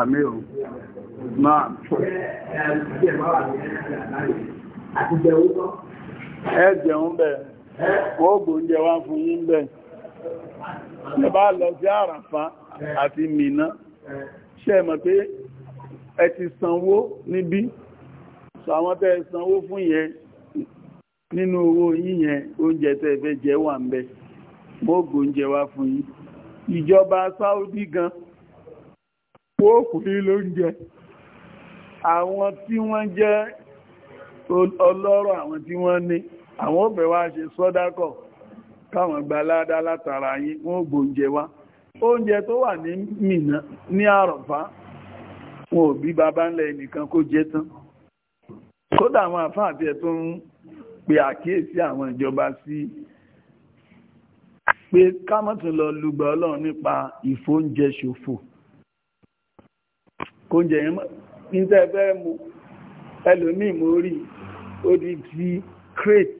àmì ò máa ẹjẹun bẹ̀ wọ́n gbóúnjẹ wá fún yín bẹ̀ ẹ bá lọ sí àràfá àti mìíná ṣe mọ̀ pé ẹ ti sanwó níbí sọ àwọn tẹ́ sanwó fún yẹn nínú owó yíyẹn oúnjẹ tẹ́ fẹ́ jẹ wà ń bẹ̀ wọ́n gbóúnjẹ wá fún yín ìjọba Saudi gan-an wọ́n kò ní lóúnjẹ àwọn tí wọ́n jẹ́ ọlọ́rọ̀ àwọn tí wọ́n ní àwọn òbẹ̀ wá ṣe sọ́dákọ̀ káwọn gba ládá látara yín wọ́n gbóúnjẹ wá oúnjẹ tó wà ní Mínà ní àrọ̀fá wọn ò bí bàbá ńlẹ̀ nìkan kó jẹ tán kódà àwọn àfáà tó ń pe àkíyèsí àwọn ìjọba sí pé ká má lọ lùgbà ọlọ́run nípa ìfóúnjẹ ṣòfò kó ń jẹyìn ní tẹ́ẹ̀fẹ́ mú ẹlòmíì mú rí ó di ti crate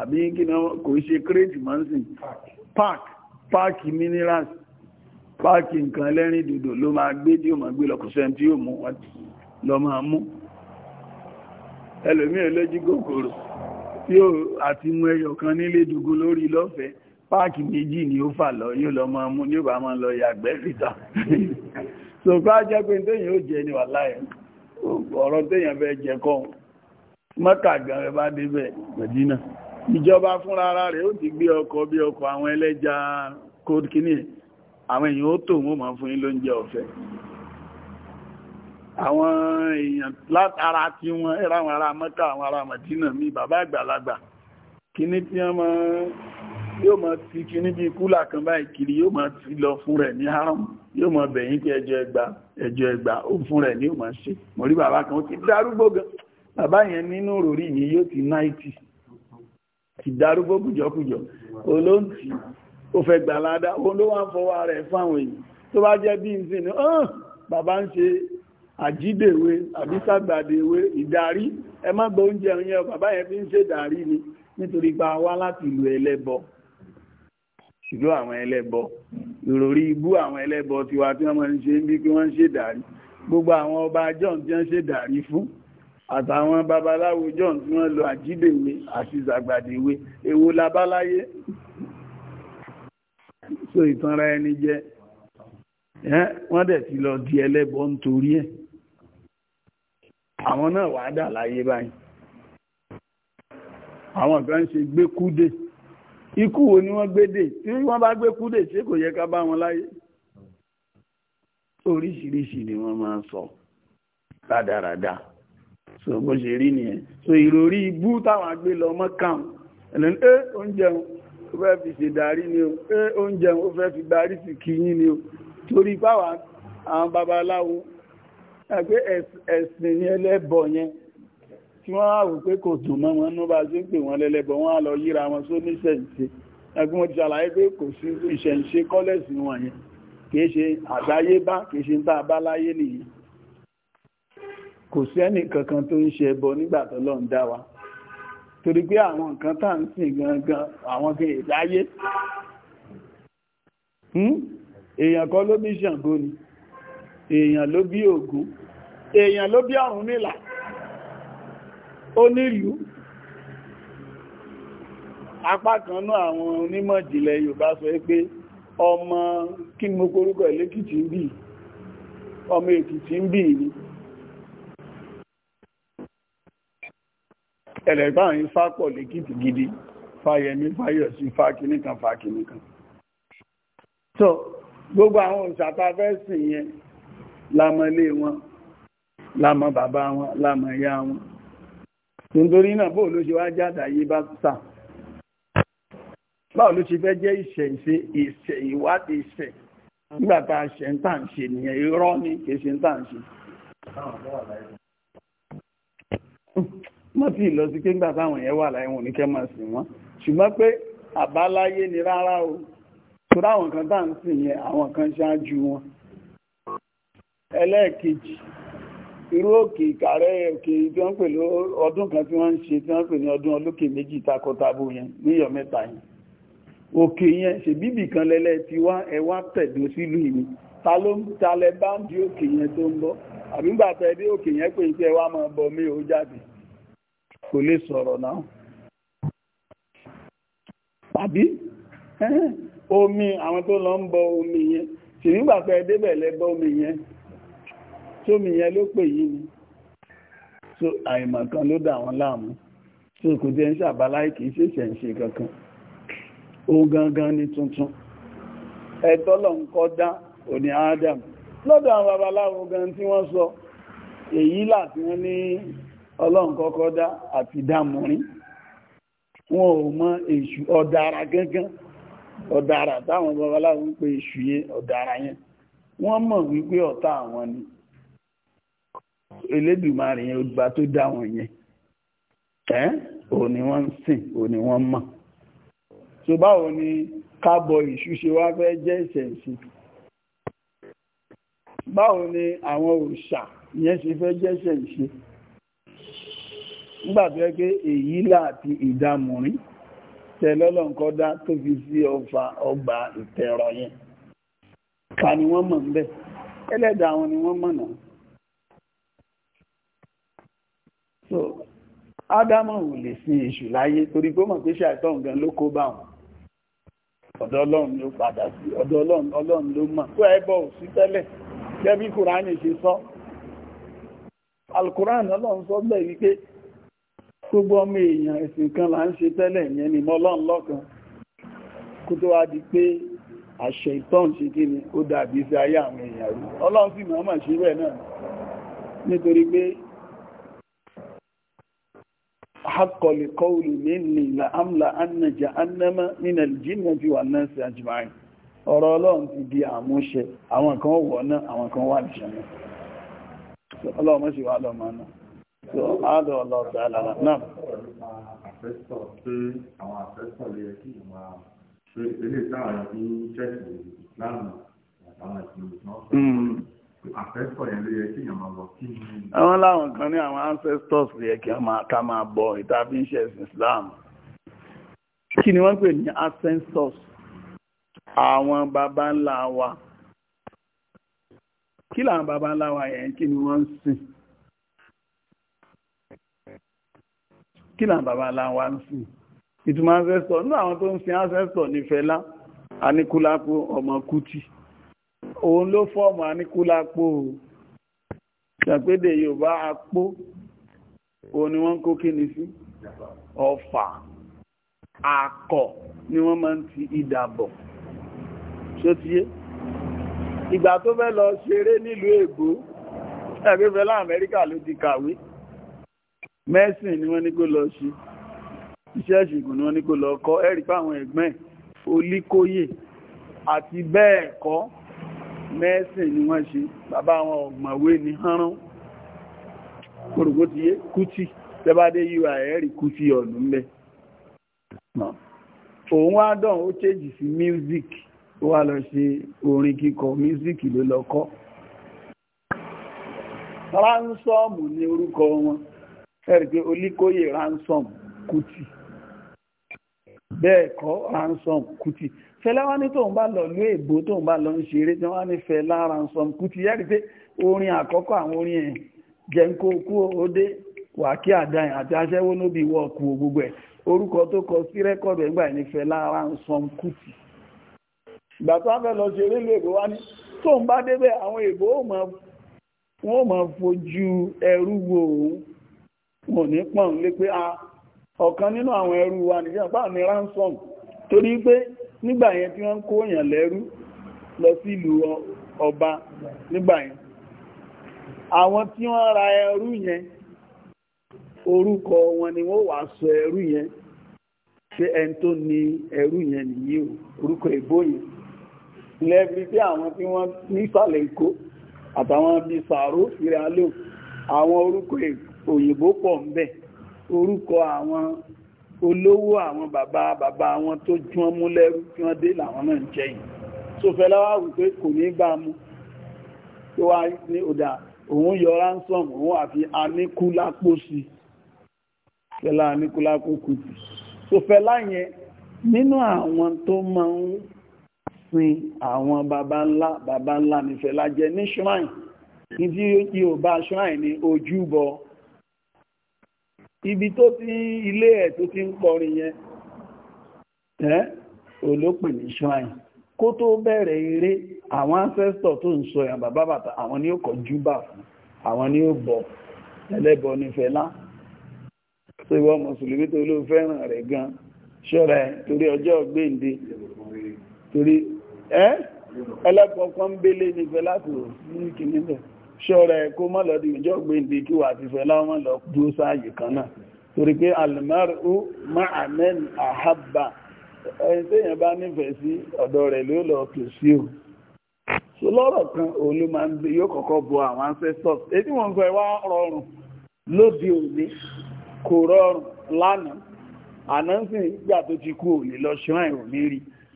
àbí kíná kò ṣe crate manson park park minerals park nǹkan lẹ́rìn dòdò ló máa gbé tí ó máa gbé lọ́kùnṣẹ́ tí ó mú wọn lọ máa mú ẹlòmíì lójú kòkòrò yóò àti mú ẹyọ kan nílé dùgbò lórí lọ́fẹ̀ẹ́ páàkì méjì ni ó fà lọ yóò lọ máa mú ní ó bá máa lọ yàgbẹ́ síta sọ̀kọ́ ajẹ́ pé tẹ́yìn ó jẹ ni wà láyé ọ̀rọ̀ tẹ́yìn fẹ́ jẹ kọ́ mọ́kà gan rẹ bá débẹ̀ mẹ́dínà ìjọba fúnra ara rẹ̀ ó ti gbé ọkọ̀ bí ọkọ̀ àwọn ẹlẹ́ja cold kidney àwọn èèyàn ó tò wọ́n máa fún yín lóúnjẹ ọ̀fẹ́ àwọn èèyàn látara tí wọ́n ẹ̀rọ àwọn ará mọ́kà àwọn ará mẹ́dínà mi bàbá àgbàlagbà kíní tí wọ́n máa yóò mọ̀ ti kí níbi kúlà kan báyìí kiri yóò mọ̀ ti lọ fún rẹ̀ ní haram yóò mọ̀ bẹ̀yìn pé ẹjọ́ ẹgbà ẹjọ́ ẹgbà ó fún rẹ̀ ní òmọ̀ ṣe mọ̀ rí bàbá kan ó ti darúgbó gan bàbá yẹn nínú òròrí yìí yóò ti náìtì ti darúgbó kùjọkùjọ olóǹtì ó fẹ́ gbà ládá òun ló wá ń fọwọ́ rẹ̀ fáwọn èèyàn tó bá jẹ́ bí nsìn ni bàbá ń ṣe àjídèwé àbí sàgbàdèwé ìdarí ẹ má gbọ́ oúnjẹ yẹn bàbá yẹn fi ń ṣèdarí ni nítorí pa wá láti ìlú ẹlẹ́bọ ìlú àwọn ẹlẹ́bọ ìròrí ibú àwọn ẹlẹ́bọ tiwa tí wọ́n ń ṣe ń bí kí wọ́n ń ṣèdarí gbogbo àwọn ọba john tí wọ́n ṣèdarí fún àtàwọn babaláwo john tí wọ́n lo àjídèwé àti zàgbàdèwé èwo labaláyé so ìtanra ẹni jẹ wọ́n dẹ̀ ti lọ di ẹlẹ́bọ nítorí ẹ̀ àwọn náà wàá dà láyé báyìí àwọn kan ń ṣe gbékúdè ikú wo ni wọ́n gbé dè tí wọ́n bá gbé kú dè ṣé kò yẹ ká bá wọn láyé oríṣiríṣi ni wọ́n máa ń sọ rádaràda so bó ṣe rí nìyẹn so ìròrí ibú táwọn agbé lọ mọ́ kàn ẹ̀lẹ́ ní ẹ́ oúnjẹ ó fẹ́ fi ṣèdarí ni o ẹ́ oúnjẹ ó fẹ́ fi darí sí kíyín ni o torí báwa àwọn babaláwo ẹgbẹ́ ẹ̀sìn ni ẹlẹ́bọ yẹn tí wọ́n á wò pé kò dùn mọ́ wọn ní bá ṣe ń pè wọ́n lẹ́lẹ́bọ̀ wọ́n á lọ yíra wọn só ní ṣẹ̀ǹṣe ẹgbẹ́ wọn ti ṣàlàyé pé kò sí ìṣẹ̀ǹṣe kọ́lẹ̀sì wọn yẹn kìí ṣe àdáyébá kìí ṣe ń tá a bá láyé nìyí kò sẹ́nì kankan tó ń ṣe ẹbọ nígbà t'Ọlọ́run dá wa torí pé àwọn nǹkan tá à ń sìn gangan àwọn kan ìdáyé hmm? èèyàn kan ló bí Ṣàngó ni èèyàn ló bí Ògún èèyàn ló bí Ọ̀rúnmìlà onílù apá kan náà àwọn onímọ̀ ìjìnlẹ̀ Yorùbá sọ pé ọmọ kí mo korúkọ ìlékìtì ń bì ọmọ Èkìtì ń bì ní ẹ̀lẹ̀gbáàrin fápọ̀ lèkìtì gidi fáyẹmí fáyọ̀sí fákìníkan fákìníkan so gbogbo àwọn òṣàtàfẹ́sìn yẹn lámọ̀ ilé wọn lámọ̀ bàbá wọn lámọ̀ ìyá wọn nítorí náà bóò ló ṣe wá jáde yìí bá sà báwo ló ṣe fẹ́ jẹ́ ìṣẹ̀ ìṣe ìṣẹ̀ ìwádìí ìṣẹ̀ nígbà tá ń tà ṣe nìyẹn irọ́ ni kìí ṣe ń tà ń ṣe. wọ́n ti lọ sí pé nígbà táwọn yẹn wà láyé ní kẹ́ máa sìn wọ́n ṣùgbọ́n pé àbáláyé ni rárá o torí àwọn kan tá à ń sìn yẹn àwọn kan ṣáájú wọn. ẹlẹ́ẹ̀kejì irú òkè ìkàrẹ́ òkè tí wọ́n pè ọdún kan tí wọ́n ń ṣe tí wọ́n pè ní ọdún olókè méjì yẹn níyọ̀ mẹ́ta yẹn òkè yẹn kan lẹ́lẹ́ ti wá ẹwà tẹ̀dó sílùú ìní ta ló ń talẹ̀ bá ń di òkè yẹn tó ń bọ́ àbígbà tẹ́ dé òkè yẹn pé máa bọ mí ò jáde kò lè sọ̀rọ̀ náà àbí omi àwọn tó lọ ń bọ omi yẹn ṣèlú ìgbà débẹ̀ lẹ́bọ omi yẹn sómi yẹn ló pè yìí ni so àìmọ̀ kan ló dà wọ́n láàmú so kò jẹ́ ń ṣàbáláì kìí ṣèṣẹ̀ ń ṣe kankan ohun gangan ni tuntun ẹ̀tọ́lọ̀ ń kọ́ dá òní Adam lọ́dọ̀ àwọn babaláwo gan tí wọ́n sọ èyí láti wọ́n ní ọlọ́run kọ́kọ́ dá àti dámúrin wọn ò mọ èṣù ọ̀dàrà gangan ọ̀dàrà táwọn babaláwo ń pe èṣù yẹn ọ̀dàrà yẹn wọ́n mọ̀ wípé ọ̀tá àwọn ni Elédùmarè yẹn olùgbà tó dá wọn yẹn ẹ́ òun ni wọ́n ń sìn òun ni wọ́n mọ̀ so báwo ni kábọ̀ ìṣúṣe wá fẹ́ jẹ́ ìṣẹ̀ǹsì báwo ni àwọn òòṣà yẹn ṣe fẹ́ jẹ́ ìṣẹ̀ǹsì nígbà tó yẹ pé èyí láti ìdámùrín tẹ̀lọ́lọ́ nǹkan dá tó fi sí ọfà ọgbà ìtẹ̀rọ yẹn ká ni wọ́n mọ̀ ń bẹ̀ ẹlẹ́dàá wọn ni wọ́n mọ̀ náà so Adamu ò lè sin èṣù láyé torí pé ó mọ̀ pé ṣàìtọ́ nǹkan ló kó bá wọn ọ̀dọ̀ ọlọ́run ló padà sí ọ̀dọ̀ ọlọ́run ló mọ̀ tó ẹbọ ò sí tẹ́lẹ̀ gẹ́bí kùránì ṣe sọ alukùránì ọlọ́run sọ bẹ́ẹ̀ wípé gbogbo ọmọ èèyàn ẹ̀sìn kan là ń ṣe tẹ́lẹ̀ yẹn ni mọ́lọ́run lọ́kan kó tó wá di pé àṣẹ ìtọ́n ṣe kí ni ó dàbí sí ayé àwọn èèyàn rí ọlọ́run sì mọ̀ ọ́mọ̀ ṣe bẹ́ẹ̀ náà nítorí pé حق لقول مني لأملا أن جهنم من الجنة والناس أجمعين ọ̀rọ̀ ọlọ́run ti di àmúṣẹ àwọn kan wọ̀ náà àwọn kan wà nìṣẹ́nà ọlọ́run mọ́ sí wà lọ́mọ náà so ádọ̀ ọlọ́ọ̀tà alára náà àwọn àfẹ́sọ̀ lè ẹ̀kí àwọn láwọn kan ní àwọn ancestors yẹ kí ká máa bọ ìtàbíṣẹ́ Islam kí ni wọ́n pè ní ancestors àwọn baba ńlá wa kí làwọn baba ńlá wa yẹn kí ni wọ́n ń sìn kí làwọn baba ńlá wa ń sìn ìtumọ̀ ancestor nínú àwọn tó ń sin ancestor ní Fẹlá Aníkúlápó ọmọ òun ló fọ́ọ̀mù àníkúlápò ṣàpédè Yorùbá apó òun ni wọ́n kó kíni sí ọfà akọ̀ ni wọ́n máa ń ti ìdàbọ̀ ṣó tiye ìgbà tó fẹ́ lọ ṣeré nílùú èbó ẹgbẹ́fẹ́ lá Amẹ́ríkà ló ti kàwé mẹ́sìn ni wọ́n ní kó lọ ṣe iṣẹ́ ìṣègùn ni wọ́n ní kó lọ kọ́ ẹ̀rí pàwọn ẹ̀gbẹ́ olíkóyè àti bẹ́ẹ̀ kọ́ mẹ́sìn ni wọ́n ṣe bàbá wọn ọ̀gbọ̀nwé ní hánrán kòrògbó ti yé kútì tẹ́bádé yíwa ẹ̀ẹ́rì kútì ọ̀dún mẹ́ òun wá dán ó chéjì sí music ó wá lọ ṣe orin kíkọ music ló lọ ransom ni orúkọ wọn ẹ̀rì pé olíkóyè ransom kútì bẹ́ẹ̀ kọ́ ransom kútì fẹlẹ́ wá ní tóun bá lọ lú ebo tóun bá lọ ń ṣeré tí wọ́n ní fẹ́ lára ń sọm orin àkọ́kọ́ àwọn orin ẹ̀ jẹ́ǹkó kú òde wàkí àdáyìn àti aṣẹ́wó níbi ìwọ gbogbo ẹ̀ orúkọ tó kọ sí rẹ́kọ̀dù ẹgbà ní fẹ́ lára ń sọm kú ti. ìgbà tó wá fẹ́ lọ ṣeré wá ní tóun bá fojú ẹrú wo òun ní pọ̀n ah, wa nìyẹn ransom nígbà yẹn tí wọ́n kó èèyàn lẹ́rú lọ sí ìlú ọba nígbà yẹn àwọn tí wọ́n ra ẹrú yẹn orúkọ wọn ni wọ́n wá sọ ẹrú yẹn ṣé ẹni tó ni ẹrú yẹn nìyí o orúkọ ìbò yẹn lẹ́bi tí àwọn tí wọ́n nísàlẹ̀ Èkó àtàwọn bíi sàárò ìrẹ́lò àwọn orúkọ òyìnbó pọ̀ ń bẹ orúkọ àwọn olówó àwọn bàbá bàbá wọn tó jún mú lẹ́rú kí wọ́n dé làwọn náà ń jẹ yìí tó fẹ́ láwá wípé kò ní bá mú tó wá ní ọ̀dà òun yọ ransom òun àfi aníkúlápó sí fẹ́lá aníkúlápó kùtù so fẹ́lá yẹn nínú àwọn tó máa ń sin àwọn baba ńlá baba ńlá ni fẹ́lá jẹ ní shrine ní tí yóò bá shrine ní ojúbọ ibi tó ti ilé ẹ̀ tó ti ń kọrin yẹn ẹ́ olópin ní shrine kó tó bẹ̀rẹ̀ eré àwọn ancestor tó ń sọ yàn bàbá bàtà àwọn ni ó kọ júbà fún àwọn ni ó bọ ẹlẹ́bọ ní Fẹlá tó ìwọ mùsùlùmí tó ló fẹ́ràn rẹ̀ gan ṣọ́ra ẹ̀ torí ọjọ́ gbéǹde torí ẹ́ ẹlẹ́kọ̀ọ́kan bélé ní Fẹlá kò sí kìnnìkan ṣọ́ra ẹ̀ kó mọ́lọ́dí ìjọ́ gbèǹdé kí wà ti fẹ́ láwọn lọ dúró sáàyè kan náà torí pé almaru ma'amen ahaba ẹni tẹ́yàn bá nífẹ̀ẹ́ sí ọ̀dọ̀ rẹ̀ ló lọ kì sí o so lọ́rọ̀ kan òun ló máa ń gbé yóò kọ́kọ́ bo àwọn ancestors èyí wọ́n ń sọ ẹwà rọrùn lóde òní kò rọrùn lánàá ànánsì ìgbà tó ti kú òní lọ ṣọ́ àìrò ní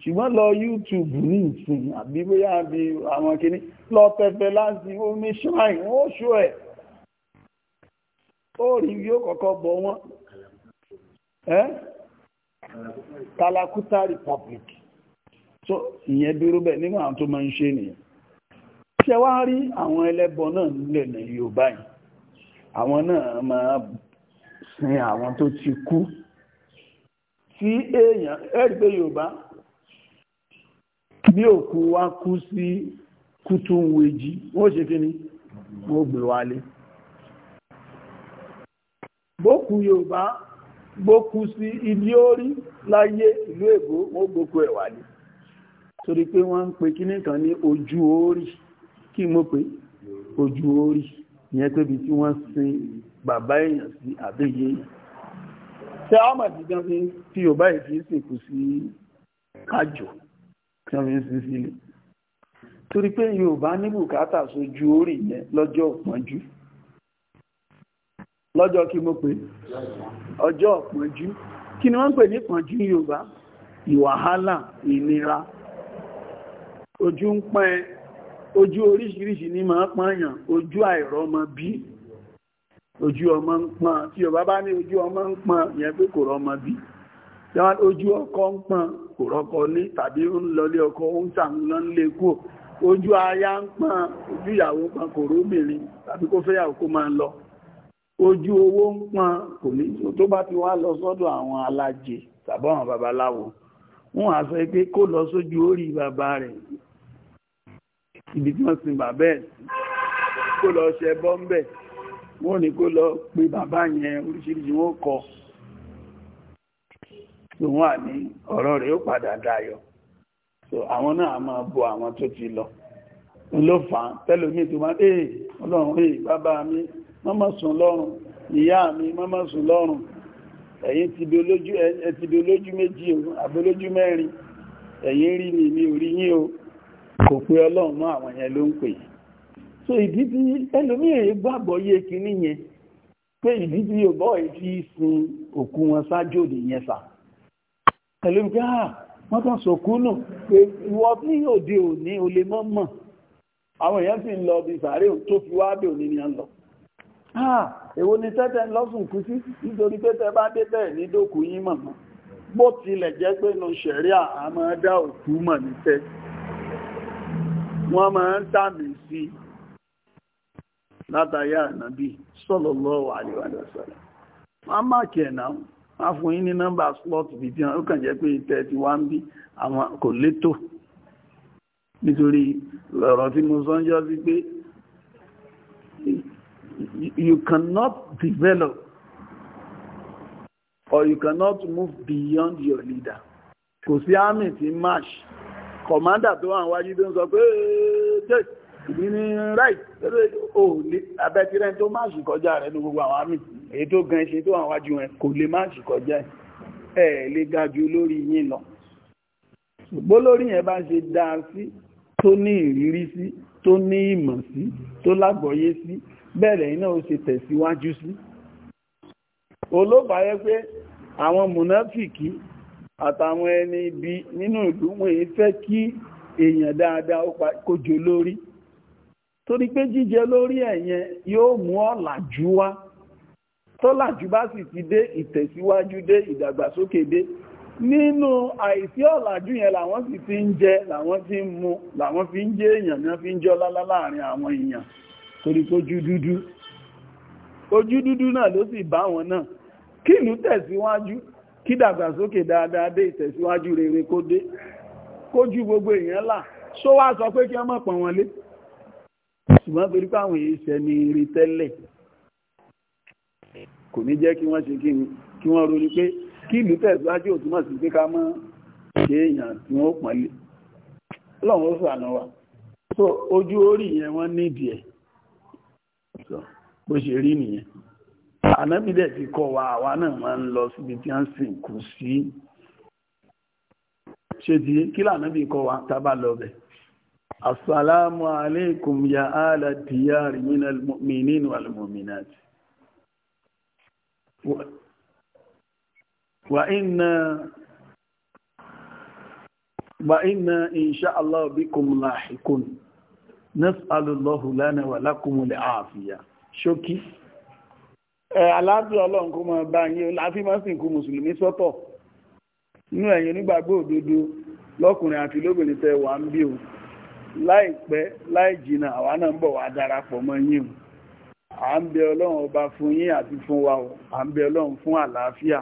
ṣùgbọ́n lọ YouTube ní ìsìn àbí bóyá bí àwọn kìnnìkan plot ẹ̀fẹ̀ láti omi shrine wọ́n ṣó ẹ̀ ó rí yóò kọ́kọ́ bọ̀ wọ́n Kalakuta Republic so ìyẹn dúró bẹ̀ nígbà tó máa ń ṣe nìyẹn ṣe wá rí àwọn ẹlẹ́bọ náà nílẹ̀ ní Yorùbá yìí àwọn náà máa sin àwọn tó ti kú tí èèyàn ẹ̀rí pé Yorùbá bí wa kú sí kútù ń wejì wọ́n ṣe kí ni wọ́n gbé wálé gbókù Yorùbá gbókù sí ilé orí láyé ìlú èbó wọ́n gbókù ẹ̀ wálé torí pé wọ́n ń pe kíní kan ní ojú orí kí mo pé ojú orí ìyẹn pé bí tí wọ́n sin bàbá èèyàn sí àbẹ́yẹ tí a máa ti fi Yorùbá ìfíìsìnkú sí kájò tí wọ́n fi ń sin sílẹ̀ torí pé Yorùbá ní bùkátà sójú orí yẹn lọ́jọ́ òpọ́njú lọ́jọ́ kí mo pè ọjọ́ òpọ́njú kí ni wọ́n pè ní pọ́njú Yorùbá ìwàhálà ìnira ojú ń pẹ́ ojú oríṣiríṣi ní máa pọ́nyàn ojú àìrọ́mọ bí ojú ọmọ ń pọ́n tí Yorùbá bá ní ojú ọmọ ń pọ́n yẹn pé kò rọ́mọ bí ojú ọkọ ń pọ́n kò rọ́kọ ní tàbí ń lọlé ọkọ ń tà ń lọ ń lé kúrò ojú aya ń pọ́n ojú ìyàwó pọ́n kò róbìnrin tàbí kó fẹ́yàwó kó máa ń lọ ojú owó ń pọ́n kò ní tó bá ti wá lọ sọ́dọ̀ àwọn alájẹ tàbí àwọn babaláwo wọ́n á sọ pé kó lọ sójú orí bàbá rẹ̀ ibi tí wọ́n sin bàbá ẹ̀ kó lọ ṣe bọ́m̀bẹ̀ wọ́n ní kó lọ pe bàbá yẹn oríṣiríṣi wọ́n kọ lòun à ọ̀rọ̀ rẹ̀ ó padà dayọ̀ so àwọn náà a máa bo àwọn tó ti lọ ló fà á tẹ́lómi tó máa ee ọlọ́run ee bàbá mi màmá sùn lọ́rùn ìyá mi màmá sùn lọ́rùn ẹ̀yin ti di olójú méjì o àbólójú mẹ́rin ẹ̀yin rí ni ní orí yín o kò pé ọlọ́run mọ́ àwọn yẹn ló ń pè so ìdí tí ẹlòmí èyí gbàgbọ́ yé kíní yẹn pé ìdí tí yóò bọ́ èyí fi sin òkú wọn ṣáájú òdì yẹn sà ẹlòmí pé ah wọ́n tán sọ̀kúnù pé ìwọ ní òde òní o lè mọ́ mọ̀ àwọn èèyàn sì ń lọ bí sàárè tó fi wá òní ni a ń ni tẹ́tẹ́ lọ́sùn kú sí nítorí pé bá dé bẹ́ẹ̀ ní dókú yín mọ̀mọ́ bó tilẹ̀ jẹ́ pé òkú mọ̀ ní tẹ́ wọ́n máa ń sí látàrí wọ́n fún yín ní nọ́mbà slot bí tí wọ́n kàn jẹ́ pé thirty one bí àwọn kò létò nítorí ọ̀rọ̀ tí mo sọ ń jọ́ sí pé you cannot develop or you cannot move beyond your leader kò sí àmì tí march commander tó wà wájú tó ń sọ pé ee ìdíní ráì lórí òòlé abẹ́tirẹ́ tó má sì kọjá rẹ̀ ní gbogbo àwọn àmì èyí tó gan ṣe tó àwọn wájú wọn kò lè má sì kọjá ẹ̀ lè ga ju olórí yín lọ ṣùgbọ́n lórí yẹn bá ṣe dáa sí tó ní ìrírí sí tó ní ìmọ̀ sí tó lágbọ́yé sí bẹ́ẹ̀lẹ̀ iná ó ṣe tẹ̀síwájú sí olóbàáyé pé àwọn mùnáfìkì àtàwọn ẹni ibi nínú ìlú wọn èyí fẹ́ kí èèyàn dáadáa ó kójọ lórí torí pé jíjẹ lórí ẹ̀yẹn yóò mú ọ̀làjú wá tọ́làjú bá sì ti dé ìtẹ̀síwájú dé ìdàgbàsókè dé nínú àìsí ọ̀làjú yẹn làwọn sì ti ń jẹ làwọn ti ń mu làwọn fi ń jẹ èèyàn ní fi ń jọ lálá láàrin àwọn èèyàn torí ojú dúdú ojú dúdú náà ló sì bá wọn náà kí ìlú tẹ̀síwájú kí dàgbàsókè dáadáa dé ìtẹ̀síwájú rere kó dé kójú gbogbo èèyàn là ṣó sọ pé kí wọ́n mọ̀ pọ̀n wọn lé ṣùgbọ́n torí pé àwọn èèṣẹ́ ni rí tẹ́lẹ̀ kò ní jẹ́ kí wọ́n ṣe kí wọ́n ronú pé kí ìlú tẹ̀síwájú ò túmọ̀ sí pé ká mọ́ ṣe èèyàn tí wọ́n pọ̀nlé ọlọ́run ó sànà wa so ojú orí yẹn wọ́n nídìí ẹ̀ bó ṣe rí nìyẹn ànábì dẹ̀ ti kọ́ wa àwa náà máa ń lọ síbi tí wọ́n sì kù sí ṣe ti kí lànábì kọ́ wa tá lọ bẹ̀ Assalamu alaikum ya ala diyar min al-mu'minin wal mu'minat. Wa inna wa inna insha Allah bikum lahikun. Nas'alullahu lana wa lakum al-afiya. Ṣókí. Àlàáfíà Ọlọ́run kó máa bá yín, láàfí máa sìnkú Mùsùlùmí sọ́tọ̀. Inú ẹ̀yin onígbàgbọ́ òdodo lọ́kùnrin àti lóbìnrin tẹ́ wà ń bí òun láìpẹ́ láì jìnà àwa náà ń bọ̀ wá darapọ̀ mọ́ yín à ń bẹ ọlọ́run ọba fún yín àti fún wa o à ń bẹ ọlọ́run fún àlàáfíà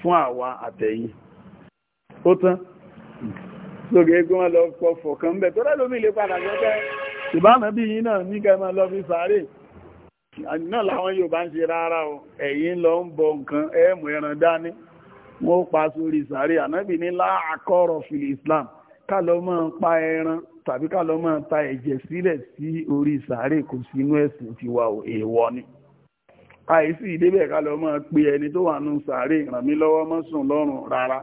fún àwa àtẹ̀yìn ó tán sókè egun wọn lọ pọ̀ fọ̀kan ń bẹ̀ tó rẹ́ lómi lè padà gẹ́gẹ́ ìbáná bí yín náà ní kẹ́mọ́ lọ fi sáré náà làwọn Yorùbá ń ṣe rárá o ẹ̀yin lọ ń bọ nǹkan ẹ̀ẹ́mù ẹran dání wọ́n pa sórí sáré ànábì ní láàkọ́rọ̀ fìlì Islam ká lọ máa pa ẹran tàbí ká lọ máa ta ẹ̀jẹ̀ sílẹ̀ sí orí sàárè kò sínú ẹ̀sìn tiwa ò èèwọ̀ ni àìsí ìdébẹ̀ ká lọ máa pe ẹni tó wà nù sàárè ràn mí lọ́wọ́ mọ́ sùn lọ́rùn rárá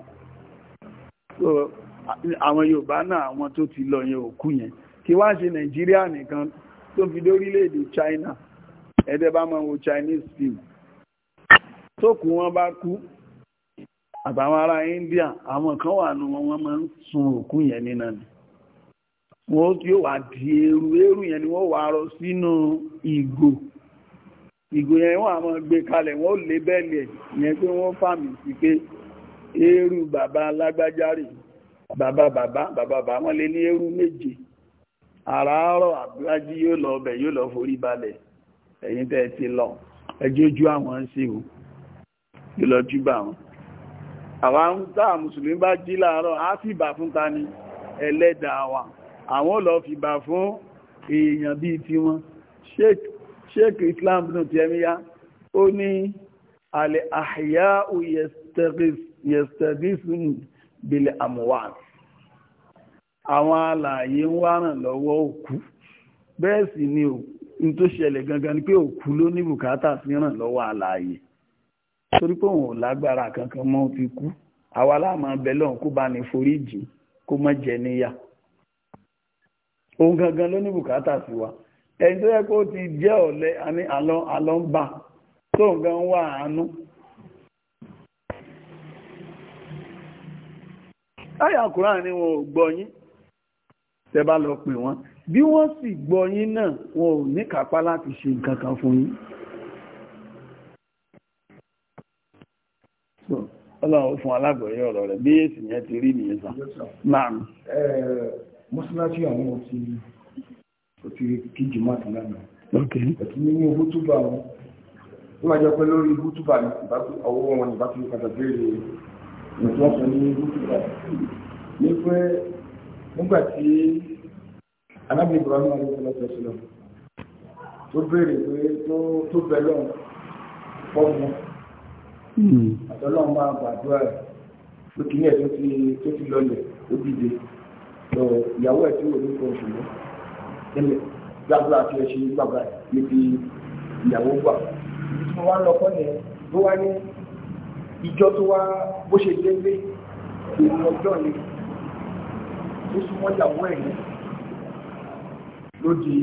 àwọn Yorùbá náà àwọn tó ti lọ yẹn òkú yẹn kí wá ṣe Nàìjíríà nìkan tó fi dórílẹ̀-èdè China ẹ̀dẹ̀ bá máa wo Chinese film tó kù wọn bá kú àtàwọn ará India àwọn kan wà nù wọn máa ń sun òkú yẹn nínú ni wọ́n yóò wá di eru eru yẹn ni wọ́n wá rọ sínú ìgò ìgò yẹn wọ́n àmọ́ gbé kalẹ̀ wọ́n lè bẹ́ẹ̀lì ẹ̀ yẹn pé wọ́n fàmì sí pé eru bàbá alágbájárì bàbá bàbá bàbá bàbá wọ́n lè ní eru méje àràárọ̀ àbúrájí yóò lọ ọbẹ̀ yóò lọ forí balẹ̀ ẹ̀yìn tẹ́ ti lọ ẹjọ́jú àwọn ń ṣe o yóò lọ júbà wọn àwọn táà mùsùlùmí bá jí láàárọ̀ á sì bà fún ta ni ẹlẹ́dàá wa àwọn lọ fìbà fún èèyàn bíi ti wọn sheik islam bin tẹ́míyá ó ní alẹ́ àyà yẹ̀stẹ̀gísùn bílẹ̀ àmúwà àwọn alààyè ń wá ràn lọ́wọ́ òkú bẹ́ẹ̀ sì ni n tó ṣẹlẹ̀ gangan ni pé òkú ló ní bùkátà sí ràn lọ́wọ́ alààyè torí pé òun ò lágbára kankan mọ́ ti kú àwa láàmú abẹ́lọ́n kó bá ní foríjì kó má jẹ níyà òun gangan ló ní bùkátà sí wa ẹni tó yẹ kó ti jẹ́ ọ̀lẹ àní àlọ́ ń bà tó nǹkan wà àánú àyà kùrán ni wọn ò gbọ́ yín tẹ́ bá lọ pè wọ́n bí wọ́n sì gbọ́ yín náà wọn ò ní kápá láti ṣe nǹkan kan fún yín ọlọ́run fún alágbọ̀nyẹ́ ọ̀rọ̀ rẹ̀ bí èsì yẹn ti rí nìyẹn sàn mọ́sálásí àwọn ọtí ọtí kíjì máàtì lánàá ẹ̀tí ní ní hútúbà wọn ó máa jẹ́ pé lórí hútúbà ọwọ́ wọn ìbá ti padà béèrè ìtọ́ sọ ní hútúbà ní pé nígbà tí anábì Ibrahim alẹ́sọ̀lọ́sọ̀lọ́ tó béèrè pé tó bẹ lọ́n fọ́ọ̀mù hmm. àtọ́lọ́mọ àgbàdo ẹ̀ pé kí ní ẹ̀ tó ti lọlẹ̀ ó dìde ìyàwó ẹ̀ tí ò ní kó oṣù mọ́ nílẹ̀ gbàgbà tí ẹ ṣe gbàgbà níbi ìyàwó gbà ibi tí mo wá ń lọ kọ́ yẹn ló wá ní ìjọ tó wá bó ṣe délé èyí ọjọ́ yẹn tó súnmọ́ ìyàwó ẹ̀ yẹn ló di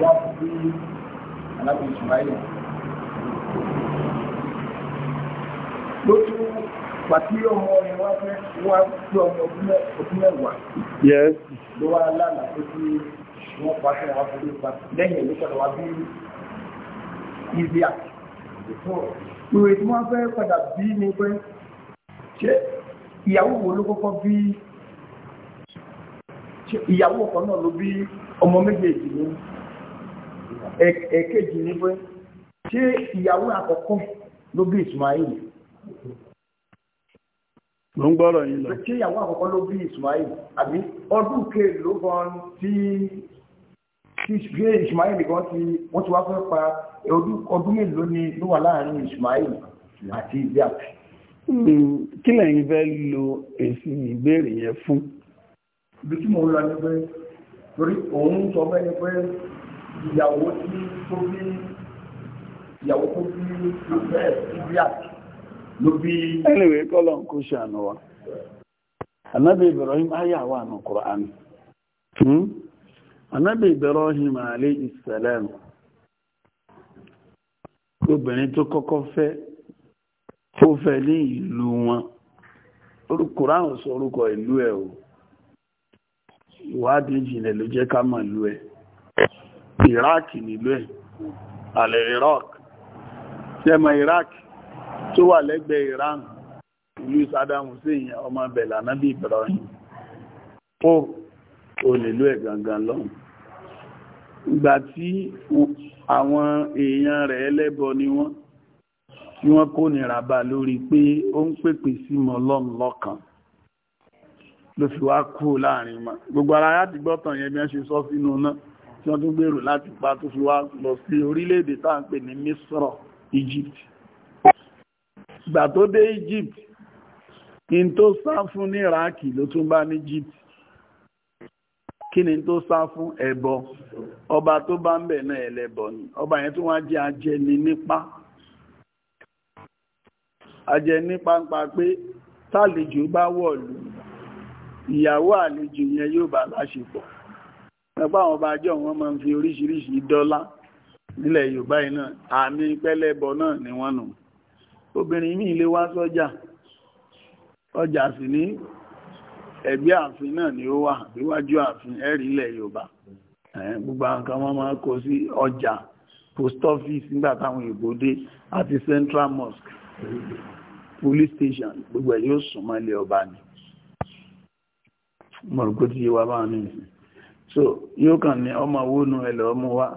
wá bí alábìsùn báyìí ló tún pàtí ọmọ rẹ̀ wá fẹ́ wá sí ọmọ ọdún mẹ́wàá ló wá lánàá tó tí wọ́n pa sí àwọn ọdún pa lẹ́yìn ló padà wá bí ìbíà ìwé tí wọ́n fẹ́ padà bí ni pé ṣé ìyàwó wo ló kọ́kọ́ bí ìyàwó ọkọ náà ló bí ọmọ méjèèjì ní ẹ̀ẹ̀kejì ní pé ṣé ìyàwó àkọ́kọ́ ló bí Ismail ló ń gbọ́rọ̀ yìí lọ. ṣé ìyàwó àkọ́kọ́ ló bí Ismail àbí ọdún kejì ló gan tí ṣe Ismail nìkan ti wọ́n ti wá fẹ́ pa ọdún mélòó ni ló wà láàrin Ismail àti Isiaq. Hmm, kí lẹ́yìn fẹ́ lo èsì ìbéèrè yẹn fún. ibi tí mo ń lọ ni pé torí òun sọ bẹ́ẹ̀ ni pé ìyàwó tí tó bí ìyàwó tó bí Isiaq ló bí ẹnìwé kọ́lọ̀ kó Ibrahim àwọn àna Kùránì Anabi hmm? Ibrahim obìnrin tó kọ́kọ́ fẹ́ ó ní ìlú wọn Kùránì sọ orúkọ ìlú o ìwádìí ló ká ìlú Iraq nílú tó wà lẹ́gbẹ̀ẹ́ Iran ìlú Saddam Hussein ọmọ bẹ̀lá nábì Ibrahim pọ̀ onílù ẹ̀ gangan lọ́hùn ìgbà tí àwọn èèyàn rẹ̀ ẹlẹ́bọ ni wọ́n tí wọ́n kó nira bá lórí pé ó ń pèpè sí mọ́lọ́m lọ́kàn ló fi wá kú láàrin ma gbogbo ara yá ti gbọ́tàn yẹn bí wọ́n ṣe sọ sínú náà tí wọ́n tún gbèrò láti pa tó fi wá lọ sí orílẹ̀-èdè tá à ń pè ní Misra Egypt ìgbà tó dé Egypt kí n tó sá fún ní iraki ló tún bá ní Egypt kí ni tó sá fún ẹbọ ọba tó bá ń bẹ̀ náà ẹlẹ́bọ ni ọba yẹn tó wá jẹ́ ajẹni nípa ajẹni pàǹpà pé tálejò bá wọ̀lú ìyàwó àlejò yẹn yóò bá láṣepọ̀ ẹgbẹ́ àwọn ọba àjọ wọn máa ń fi oríṣiríṣi dọ́là nílẹ̀ Yorùbá yìí náà àmì pẹ́lẹ́bọ náà ni wọ́n nù. obìnrin míì lè wá sọ́jà ọjà sì ní ẹgbẹ́ ààfin náà ni ó wà níwájú ààfin ẹ̀rí ilẹ̀ yorùbá gbogbo nǹkan wọn máa kó sí ọjà post office nígbà táwọn èèbó dé àti central mosque police station gbogbo ẹ̀ yóò sùn mọ́ ilé ọba ni mọ̀rùkú ti yé wa báwọn ní ìsìn so yóò kàn ní ọmọ owó nu ẹlẹ́ ọmọ wa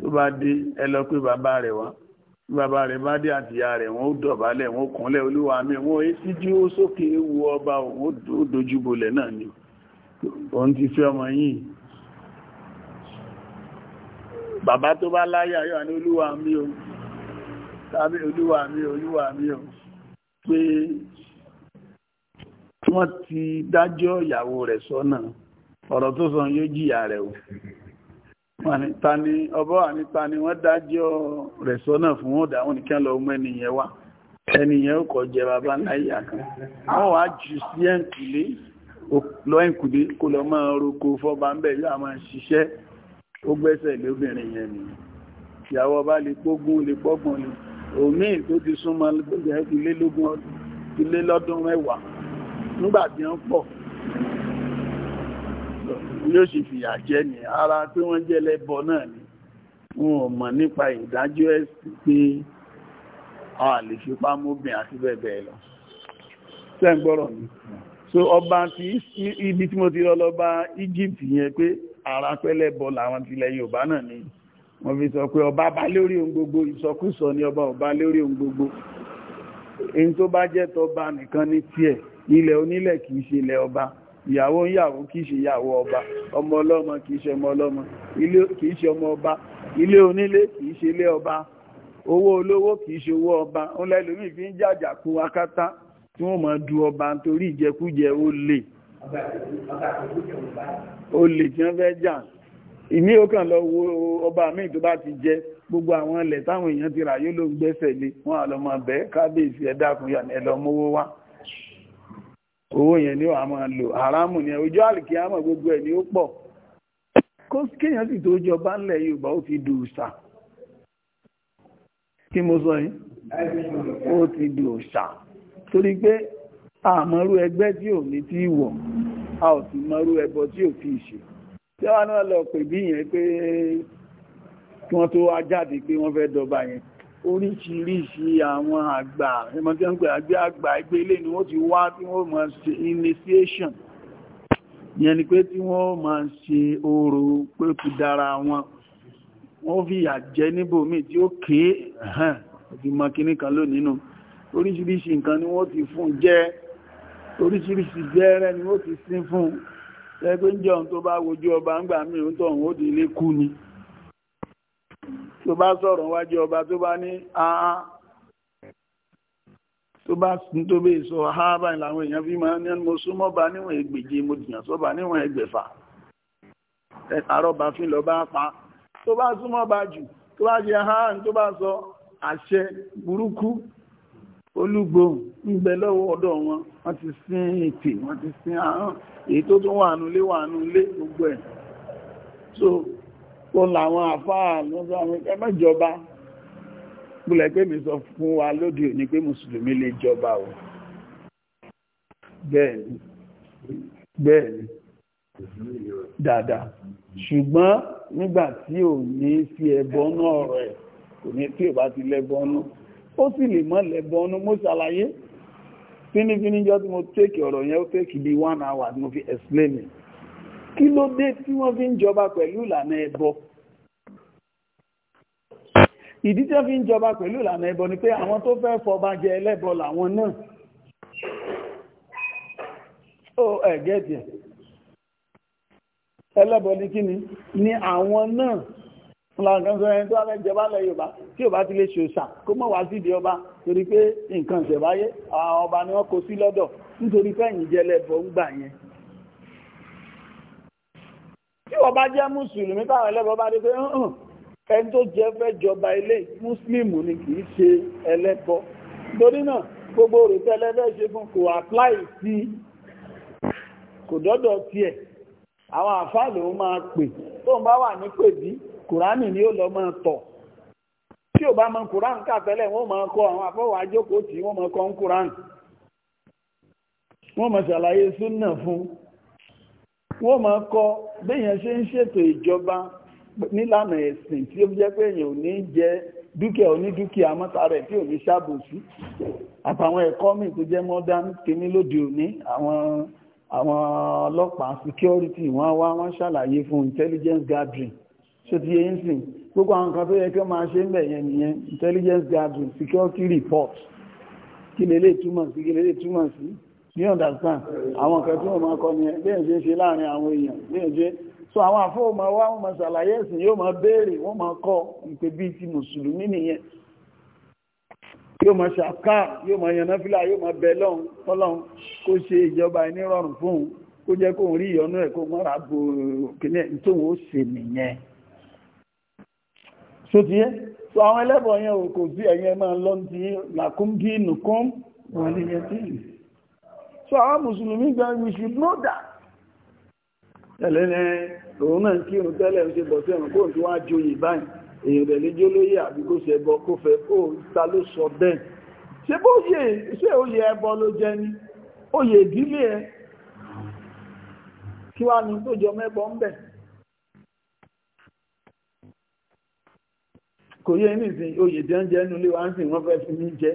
tó bá dé ẹlọ pé bàbá rẹ̀ wá bàbá rẹ̀ bá dé àti ìyá rẹ̀ wọ́n ó dọ̀bálẹ̀ wọ́n ó kúnlẹ̀ olúwa mi wọ́n èé sí jí ó sókè ewu ọba òun ó dojúbolẹ̀ náà ni òun ti fẹ́ ọmọ yìí bàbá tó bá láyà yóò ní olúwa mi o tàbí olúwa mi o olúwa mi o pé wọ́n ti dájọ́ ìyàwó rẹ̀ sọ́nà ọ̀rọ̀ tó sọ yóò jìyà rẹ̀ o tani ọbọ́ àní tani wọ́n dájọ́ rẹ̀ sọ́nà fún wọn dáwọn nìkan lọ mọ́ ẹniyẹn wá ẹniyẹn ó kọ̀ jẹ bàbá láyà kan wọ́n wá jù sí ẹ̀ǹkùlé lọ ẹ̀ǹkùlé kó lọ máa roko fọ́ba ń bẹ̀ yóò máa ṣiṣẹ́ ó gbẹ́sẹ̀ lóbìnrin yẹn yóò sì fìyà jẹ ni ara pé wọ́n jẹ́ lẹ́bọ náà ni wọn ò mọ̀ nípa ìdájọ́ ẹ̀sìn pé a lè fipá àti bẹ́ẹ̀ bẹ́ẹ̀ lọ sẹ́ǹgbọ́rọ̀ mi so ọba ti ibi tí mo ti lọ lọ bá Egypt yẹn pé ara pẹ́lẹ́ bọ làwọn tilẹ̀ Yorùbá náà ni wọ́n fi sọ pé ọba bá lórí ohun gbogbo ìsọkúsọ ni ọba ọba lórí ohun gbogbo èyí tó bá jẹ́ tọba nìkan ní tiẹ̀ ilẹ̀ onílẹ̀ kìí ṣe ilẹ̀ ọba ìyàwó ń yàwó kìí ṣe ìyàwó ọba ọmọ ọlọ́mọ kìí ṣe ọmọ ọlọ́mọ ilé kìí ṣe ọmọ ọba ilé onílé kìí ṣe ilé ọba owó olówó kìí ṣe owó ọba òun lẹ́lòmíì fi ń jàjà kú akátá tí wọ́n máa du ọba nítorí ìjẹkújẹ olè olè tí wọ́n fẹ́ jà ìmí ó lọ wo ọba míì tó bá ti jẹ gbogbo àwọn ilẹ̀ táwọn èèyàn ti rà yóò ló ń gbẹ́sẹ̀ lé wọn àlọ́ máa bẹ́ẹ̀ kábíyèsí ẹ̀dá àkúnyà ẹ̀lọ́mówó wá owó yẹn ni ó àmọ́ lò haramu ni ojú àlìkí àmọ́ gbogbo ẹ̀ ni ó pọ̀ kó kéèyàn sì tó jọba ńlẹ̀ Yorùbá ó ti dòòṣà kí mo sọ yìí ó ti dòòṣà torí pé àmọ́rú ẹgbẹ́ tí ò ní tí wọ̀ a ò sì mọ́rú ẹbọ tí ò ti ṣe tí wọ́n náà lọ pè bí yẹn pé kí wọ́n tó wá jáde pé wọ́n fẹ́ dọba yẹn oríṣiríṣi àwọn àgbà ẹmọ tí ó àgbà ẹgbẹ́ ilé ni wọ́n ti wá tí wọ́n ma ṣe initiation yẹn ni pé tí wọ́n ma ṣe orò pé ó ti dára wọn wọ́n fi àjẹ́ mí tí ó kéé ẹ̀hàn ti mọ kíní kan lónìí nù oríṣiríṣi nǹkan ni wọ́n ti fún jẹ oríṣiríṣi jẹ́rẹ́ ni wọ́n ti sín fún ẹgbẹ́ ń jẹun tó bá wojú ọba ń gbà mí òun tọ̀hún ó di ilé kú ni tó bá sọ̀rọ̀ wájú ọba tó bá ní àá tó bá tó bẹ́ẹ̀ sọ ààbà ìlànà èèyàn fi máa ní mo súnmọ́ bá níwọ̀n ẹgbẹ̀je mo jìyàn sọ́bà níwọ̀n ẹgbẹ̀fà àrọ́bà fi lọ bá pa tó bá súnmọ́ bá jù tó bá jẹ ààrùn tó bá sọ àṣẹ burúkú olúgbòhùn ń bẹ lọ́wọ́ ọ̀dọ̀ wọn wọ́n ti sín ètè wọ́n ti sín ààrùn èyí tó tún wà nulé wà nulé gbogbo ẹ̀ so tó làwọn àfáà lọ́dọ̀ àwọn ẹgbẹ́ ìjọba gbọ́lẹ̀ pé mi sọ fún wa lóde òní pé mùsùlùmí lè jọba o bẹ́ẹ̀ni bẹ́ẹ̀ni dáadáa ṣùgbọ́n nígbà tí ò ní fi ẹ̀bọ́nú ọ̀rọ̀ ẹ̀ kò ní tí ò bá ti lẹ́bọ́nú ó sì lè mọ́ lẹ́bọ́nú mo ṣàlàyé fínífíní jọ tí mo tẹ́kì ọ̀rọ̀ yẹn ó tẹ́kì bí one hour tí mo fi explain it kí ló dé tí wọ́n fi ń jọba pẹ̀lú ìlànà ẹbọ ìdí tí wọ́n fi ń jọba pẹ̀lú ìlànà ẹbọ ni pé àwọn tó fẹ́ fọba jẹ ẹlẹ́bọ làwọn náà ó ẹ̀gẹ́ẹ̀tì ẹ̀ ẹlẹ́bọ ní kíni ni àwọn náà láàrín sọ ẹni tó wá jẹba lẹ Yorùbá tí ò bá ti lè ṣòṣà kó mọ̀ wá sídìí ọba torí pé nǹkan ṣẹ̀báyé àwọn ọba ni wọ́n kó sí lọ́dọ̀ nítorí fẹ́yìn jẹlẹ́bọ ń gbà yẹn tí wọ́n bá jẹ́ mùsùlùmí táwọn ẹlẹ́bọ bá dé pé ẹni tó jẹ́ fẹ́ jọba ilé mùsùlùmù ni kìí ṣe ẹlẹ́bọ torí náà gbogbo òrùtẹ́ ẹlẹ́fẹ́ ṣe fún kò apply sí kò dọ́dọ̀ tiẹ̀ àwọn àfáà lòun máa pè tó bá wà ní pèbí kùránì ni ó lọ máa tọ̀ tí ò bá mọ kùránì kà tẹ́lẹ̀ wọ́n máa kọ àwọn afọ́wà jókòó tí wọ́n máa kọ ń kùránì wọ́n máa ṣàlàyé súnà fún wọ́n máa kọ béèyàn ṣe ń ṣètò ìjọba nílànà ẹ̀sìn tí ó jẹ́ pé èèyàn ò ní jẹ dúkìá onídúkìá mọ́tàrẹ̀ tí ò ní ṣàbòsí àtàwọn ẹ̀kọ́ mi tó jẹ́ modern kìíní lóde òní àwọn àwọn ọlọ́pàá security wọ́n wá wọ́n ṣàlàyé fún intelligence gathering ṣó ti yẹ ń sìn gbogbo àwọn kan tó yẹ kí wọ́n máa ṣe ń bẹ̀ yẹn nìyẹn intelligence gathering security report kí lélẹ̀ túmọ̀ sí kí lélẹ̀ túmọ̀ sí you understand àwọn kan tí wọ́n máa kọ́ nìyẹn bí ẹ̀ ṣe ń ṣe láàrin àwọn èèyàn bí ẹ̀ ṣe so àwọn àfọ́ọ̀mà wá wọ́n ma ṣàlàyé ẹ̀sìn yóò ma béèrè wọ́n ma kọ́ ìpè bíi ti mùsùlùmí nìyẹn yóò ma ṣàká yóò ma yànnà fílà yóò ma bẹ lọ́hùn tọ́lọ́hùn kó ṣe ìjọba ẹni rọrùn fóun kó jẹ́ kó rí ìyọnú ẹ̀ kó mọ́ra bo òkèlè nítorí ó ṣe nìyẹn so ti yẹ so àwọn ẹlẹ́bọ̀ yẹn ò kò sí ẹ̀yẹ máa lọ ti làkúndínù kún wọ́n ní yẹn tí so àwọn mùsùlùmí gan we should know that ẹ̀lẹ́nẹ́ òun náà kí òun tẹ́lẹ̀ ń ṣe bọ̀ sí ẹ̀rùn kóhùn tí wọ́n á joyè báyìí èyàn rẹ̀ lé jólóyè àbí kó ṣe ẹbọ kó fẹ́ ó ta ló sọ bẹ́ẹ̀ ṣe bó yẹ ṣe òye ẹbọ ló jẹ ní òye ìdílé ẹ kí wá ní tó jọ mẹ́bọ ń bẹ̀ kò yẹ nìsín òye jẹ́ ń jẹ́ nínú ilé wa ń sìn wọ́n fẹ́ fi mí jẹ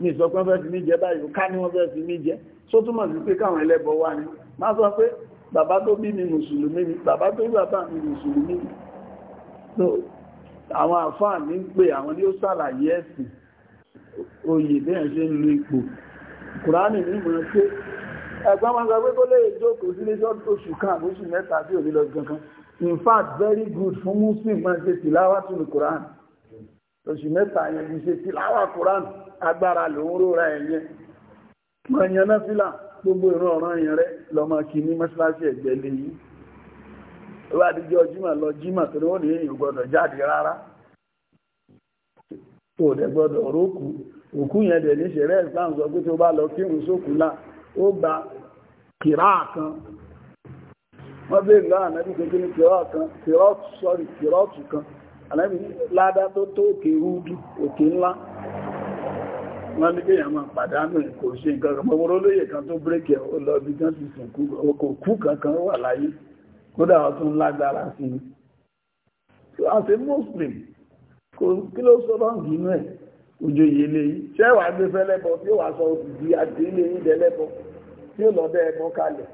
ní ìsọpẹ́ fẹ́ fi mí jẹ báyìí ká ní wọ́n fẹ́ fi mí jẹ sótúmọ̀ sí pé káwọn ẹlẹ́bọ wá ní má sọ pé bàbá tó bí mi mùsùlùmí ni bàbá tó bí bàbá mi mùsùlùmí ni so àwọn àfáà ní ń pè àwọn ní ó sàlàyé ẹ̀sìn oyè bẹ́ẹ̀ ṣe ń lu ipò kùránì ní mọ̀ pé ẹ̀gbọ́n máa sọ pé tó lè jókòó sí ní oṣù kan àbóṣù mẹ́ta sí òní lọ gankan in fact very good fún muslim máa ṣe tìláwà tún ní kùránì oṣù mẹ́ta yẹn ti ṣe tìláwà kùránì agbára lòún róra ẹ̀yẹn mọ̀ yẹn náà fílà gbogbo ìran ọ̀ràn yẹn rẹ lọ́mọ kí ní mọ́ṣáláṣí ẹ̀gbẹ́ lé yìí ó bá dijọ́ jímọ̀ lọ jímọ̀ torí wọ́n ní èèyàn gbọ́dọ̀ jáde rárá tó dẹ̀ gbọ́dọ̀ rókù òkú yẹn dẹ̀ ní ṣẹ̀rẹ́ islam sọ pé tó bá lọ kírun sókùnlá ó gba kìrá kan wọ́n bèèrè láà nẹ́bí kékeré ní kìrá kan kìrọ́ọ̀tù sọ́rí kìrọ́ọ̀tù kan ànẹ́bí ládá tó tó òkè rúdú òkè ńlá wọ́n ní kéèyàn máa pàdánù kò ṣe nǹkan kan mọ́ lóye kan tó bírèkì ẹ̀ lọ bí kan ti sìnkú kò kú kankan wà láyé kódà ó tún lágbára sí i so as a muslim kò kí ló sọ lọ́ǹgì inú ẹ̀ ojú yìí lè yí ṣé wàá gbé fẹ́lẹ́bọ tí ó wàá sọ òdìdí àti ilé yìí dẹ́lẹ́bọ tí ó lọ bẹ́ẹ̀ bọ́ kalẹ̀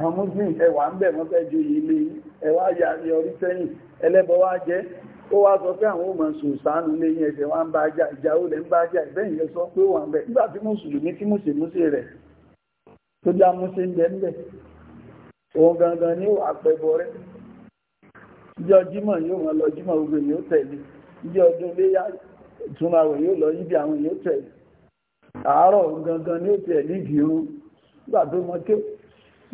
àwọn muslim ẹwà ń bẹ̀ wọ́n fẹ́ ju yìí lè yí ẹwà yọrí sẹ́yìn ẹlẹ́bọ wá jẹ́ ó wá sọ pé àwọn ọmọ sùsánù lẹ́yìn ẹsẹ̀ wọn bá jà ìjà ó lẹ́ ń bá jà ìbẹ́yìn lọ sọ pé ó wà ń bẹ̀ nígbà tí mùsùlùmí tí mùsèmùsè rẹ̀ tó já músè ń bẹ ń bẹ̀ òun gangan ní wà pẹ̀bọ rẹ̀ ìjọ jímọ̀ yóò wọn lọ jímọ̀ gbogbo yóò tẹ̀lé ìjọ ọdún léyà ìtura rẹ̀ yóò lọ yíbi àwọn yóò tẹ̀lé àárọ̀ gangan ní ó tẹ̀lé ìdírun nígbà tó mọ kéw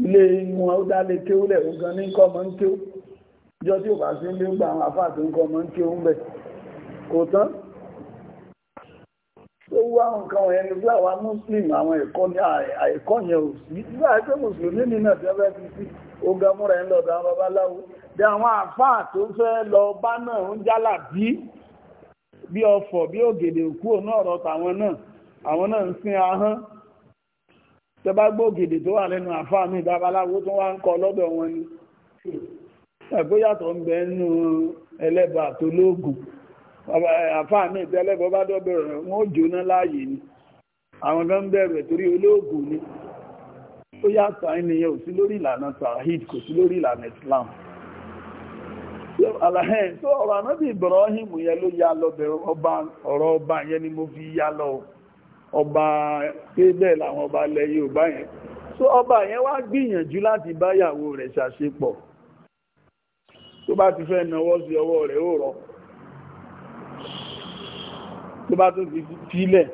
ilé wọn ó dá lé kéwlẹ̀ òun ní kọ́ mọ́ ń kéw jọ tí ò bá sí ilé ń gba àwọn àfáà tó ń kọ ọmọ ń ké oúnbẹ̀ kò tán tó wá nǹkan ọ̀yẹn ní fúláwà muslim àwọn ẹ̀kọ́ ní àìkọ́ yẹn ò sí nígbà ẹgbẹ́ mùsùlùmí ní náà tẹ́fẹ́ ti sí oga múra ń lọ́dọ̀ àwọn babaláwo bí àwọn àfáà tó fẹ́ lọ bá náà ń jálà bí bí ọfọ̀ bí ògèdè òkú òun ọ̀rọ̀ tàwọn náà àwọn náà ń sin ahọ́n tẹ bá gbọ́ ògèdè tó wà lẹ́nu àfáà mi babaláwo tó wá ń kọ lọ́dọ̀ wọn ni ẹ̀gbóyàtọ̀ ń bẹ nínú ẹlẹ́bà tó lóògùn àfáà ní ìtẹ́lẹ́bọ̀ bá dọ́bẹ̀rẹ̀ wọ́n jóná láàyè ni àwọn gan bẹ̀rẹ̀ torí olóògùn ni ó yàtọ̀ ènìyàn ò sí lórí ìlànà tawhid kò sí lórí ìlànà Islam alahẹ́n tó ọ̀rọ̀ Ibrahim yẹn ló yá lọ ọba yẹn ni mo fi yá ọba làwọn ọba yẹn so ọba yẹn wá gbìyànjú láti báyàwó rẹ̀ ṣàṣepọ̀ tó bá ti fẹ́ náwọ́ sí ọwọ́ rẹ̀ ó rọ tó bá tó ti fílẹ̀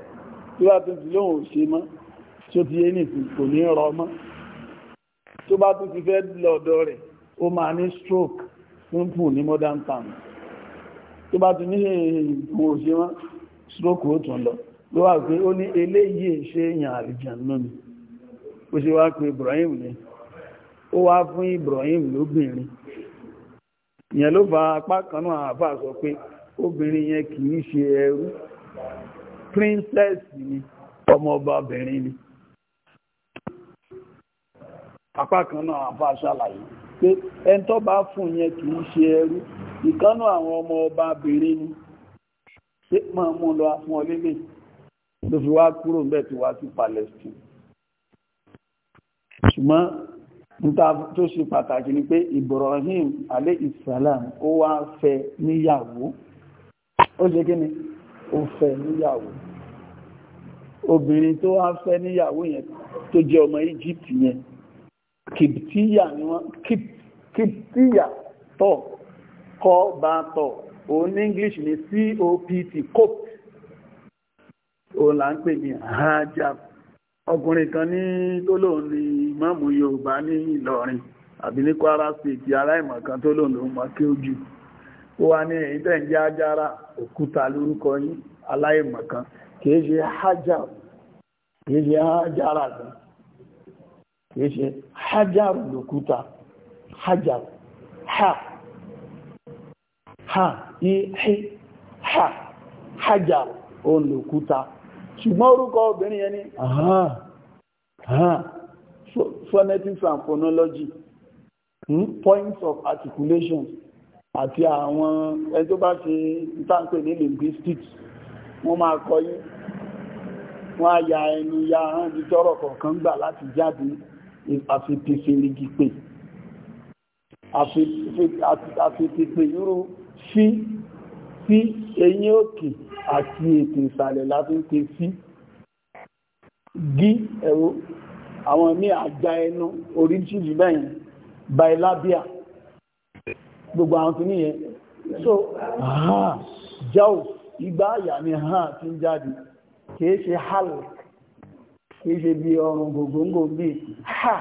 tó bá tó ti lóhùn ṣe mọ́ tí ti yé nìsí kò ní rọ mọ́ tó bá tó ti fẹ́ lọ́dọ̀ rẹ̀ ó máa ní stroke simple ní modern town tó bá ti ní ìgbòho ṣe mọ́ stroke ó tún lọ ló wà pé ó ní eléyìí ṣe èèyàn àrìjàn lónìí ó ṣe wá pé Ibrahim ni ó wá fún Ibrahim lóbìnrin ìyẹn ló fa apá kan náà àfà sọ pé obìnrin yẹn kì í ṣe ẹrú prínsẹ́sì ni ọmọọbabìnrin ni apá kan náà àfà ṣàlàyé pé ẹni tó bá fún yẹn kì í ṣe ẹrú ìkánú àwọn ọmọ ọbabìnrin ni ṣé máa mú lọ fún ọ nílé ló fi wá kúrò ń bẹ̀ tí wá sí Palestine ṣùgbọ́n níta tó ṣe pàtàkì ni pé Ibrahim alayhi salam ó wá fẹ́ níyàwó ó ṣe kí ni ó fẹ́ níyàwó obìnrin tó wá fẹ́ níyàwó yẹn tó jẹ́ ọmọ Egypt yẹn kìptíyà ni wọ́n kìptíyà tọ̀ kọ́ bá tọ̀ òun ní English ni copt copt òun là ń pè ní hajjab ọkùnrin kan ní tó ní ìmáàmù yorùbá ní ìlọrin àbí ní kwara state aláìmọ̀ kan tó lóun mọ̀ kí ó jù wá ní ẹ̀yìn tẹ̀ ajára òkúta lórúkọ yín aláìmọ̀ kan kìí ṣe ṣe kìí ha ha ihe ha ṣùgbọ́n orúkọ obìnrin yẹn ni phonetics and phonology hmm? points of articulation àti àwọn ẹni tó bá ṣe ìtànpẹ̀ ní linguistics wọ́n máa kọ́ yí wọ́n á ya ẹnu ya hàn bí tọ́rọ̀ kọ̀ọ̀kan gbà láti jáde àfipìfìrìgìpè àfipìpè irú sí eyín òkè àti ètò ìsàlẹ̀ láti ń pe sí gí ẹ̀wọ́ àwọn ní àjá ẹnu oríṣìí bẹ́yìn bailabia gbogbo àwọn kìíní yẹn so ha jáò igbá àyà ni ha ti ń jáde kìí ṣe hálù kìí ṣe bí ọrùn gbogbo bí ha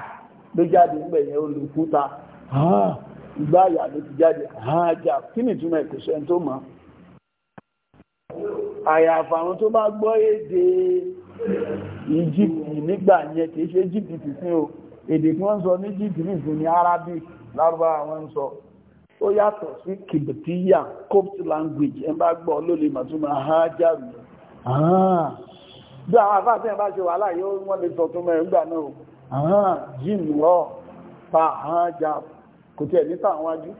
ló jáde ń bẹ̀yẹ olùkúta ha igbá àyà ló ti jáde ha jà kí nìtúmọ̀ ìkòṣẹ́ tó máa àyàfà àwọn tó bá gbọ́ èdè Egypt nígbà yẹn kìí ṣe Egypt ti sí o èdè tí wọ́n sọ ní Egypt ní ìsìn ní Arabic lárúbá àwọn ń sọ ó yàtọ̀ sí kìbìtìyà copt language ẹ bá gbọ́ ló lè màtúmọ̀ ahájárù bí àwọn àfáà tí ẹ bá ṣe wàhálà yóò wọ́n lè sọ tó mẹ́rin gbà náà ahán jim rọ pa ahájárù kò tẹ̀ ní tàwọn ajú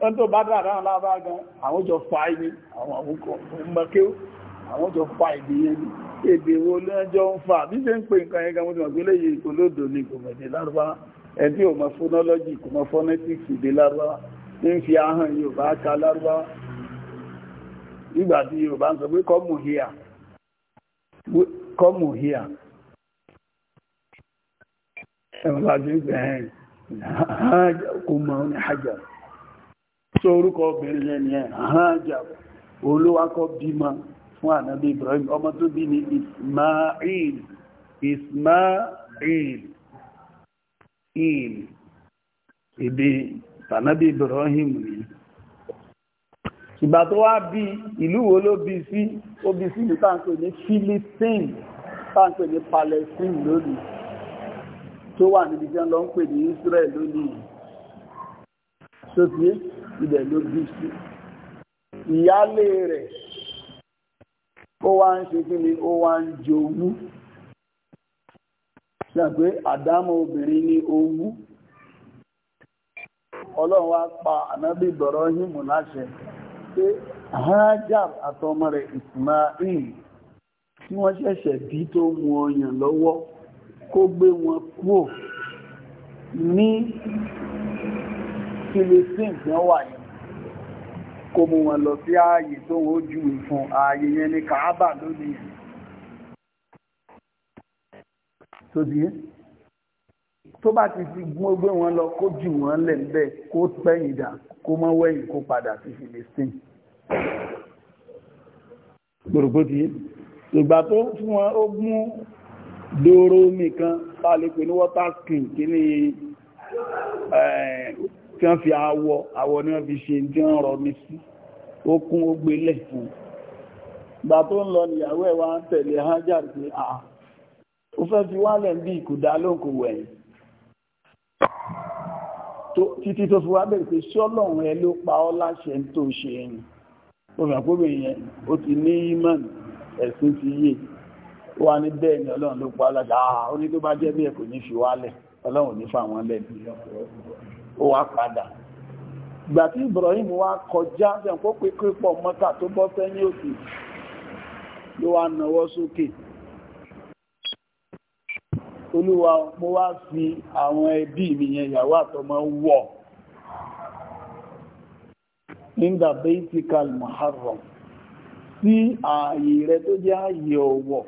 wọ́n tó bá dára náà lábá gan àwọn jọ fa ibi àwọn àwòkọ́ mọ́kéw àwọn jọ fa ibi yẹn ni èdè wo lọ́jọ́ ń fa bí ṣe ń pè nǹkan yẹn gan mo ti mọ̀ pé léyìí ìpolódò ni kò mọ̀ ní lárúbá ẹni tí ò mọ̀ fónọ́lọ́jì kò mọ̀ fọ́nẹ́tíìkì dé lárúbá ní fi ahọ́n Yorùbá ka lárúbá nígbà tí Yorùbá ń sọ pé kọ́mù híà kọ́mù híà ẹ̀wọ̀n láti ń gbẹ̀ẹ́ kò mọ̀ ní hajar so orúkọ obìnrin yẹn ni ẹ̀hánjà olówákọ́ bímọ fún ànábí Ibrahim ọmọ tó bí ní Ismail Ismail il èdè tànábí Ibrahim ni ìgbà tó wá bí ìlú wo ló bí sí ó bí sí ní táǹkò ní Philistine táǹkò ní Palestine lónìí tó wà níbi jẹ́ lọ ń pè ní Israel lónìí ibẹ̀ ló bí sí ìyálé rẹ̀ ó wá ń ṣe kí ni ó wá ń jowú ṣàgbé àdámọ̀ obìnrin ní owú ọlọ́run wá pa ànábì Ibrahim láṣẹ pé Hajar àtọmọ rẹ̀ Ismail tí wọ́n ṣẹ̀ṣẹ̀ bí tó mú ọyàn Filistin gan wà yẹn kó mú wọn lọ sí ààyè tó wọ́n jù fún ààyè yẹn ní Kàábà lónìí yẹn tó di tó bá ti fi gún ogbé wọn lọ kó jù wọn lẹ̀ ń bẹ̀ kó pẹ̀yìn dà kó mọ́ wẹ̀yìn kó padà sí Filistin gbòrògbòdì ìgbà tó fún wọn ó mú dòrò nìkan bá lè pè ní water skin kí ní tí wọ́n fi awọ awọ ni wọ́n fi ṣe tí wọ́n rọ mi sí ó kún ó gbélẹ̀ fún gbà tó ń lọ níyàwó ẹ̀ wá ń tẹ̀lé Hajar pé àà ó fẹ́ fi wálẹ̀ bí ìkùdá lóko wẹ̀yìn títí tó fi wá bẹ̀rẹ̀ pé bẹ́ẹ̀ ni ọlọ́run ló pa láṣẹ àà ó tó bá jẹ́ bí ẹ ní fi wálẹ̀ ọlọ́run ní fà wọ́n lẹ́nu ó wá padà ìgbà tí Ibrahim wá kọjá sẹ́ǹkó pé pọ̀ mọ́ta tó bọ́ òkè ló wá nawọ́ sókè olúwa mo wá fi àwọn ẹbí mi yẹn ìyàwó àtọmọ wọ̀ nígbà baitikal muharram sí ààyè rẹ tó jẹ́ ààyè ọ̀wọ̀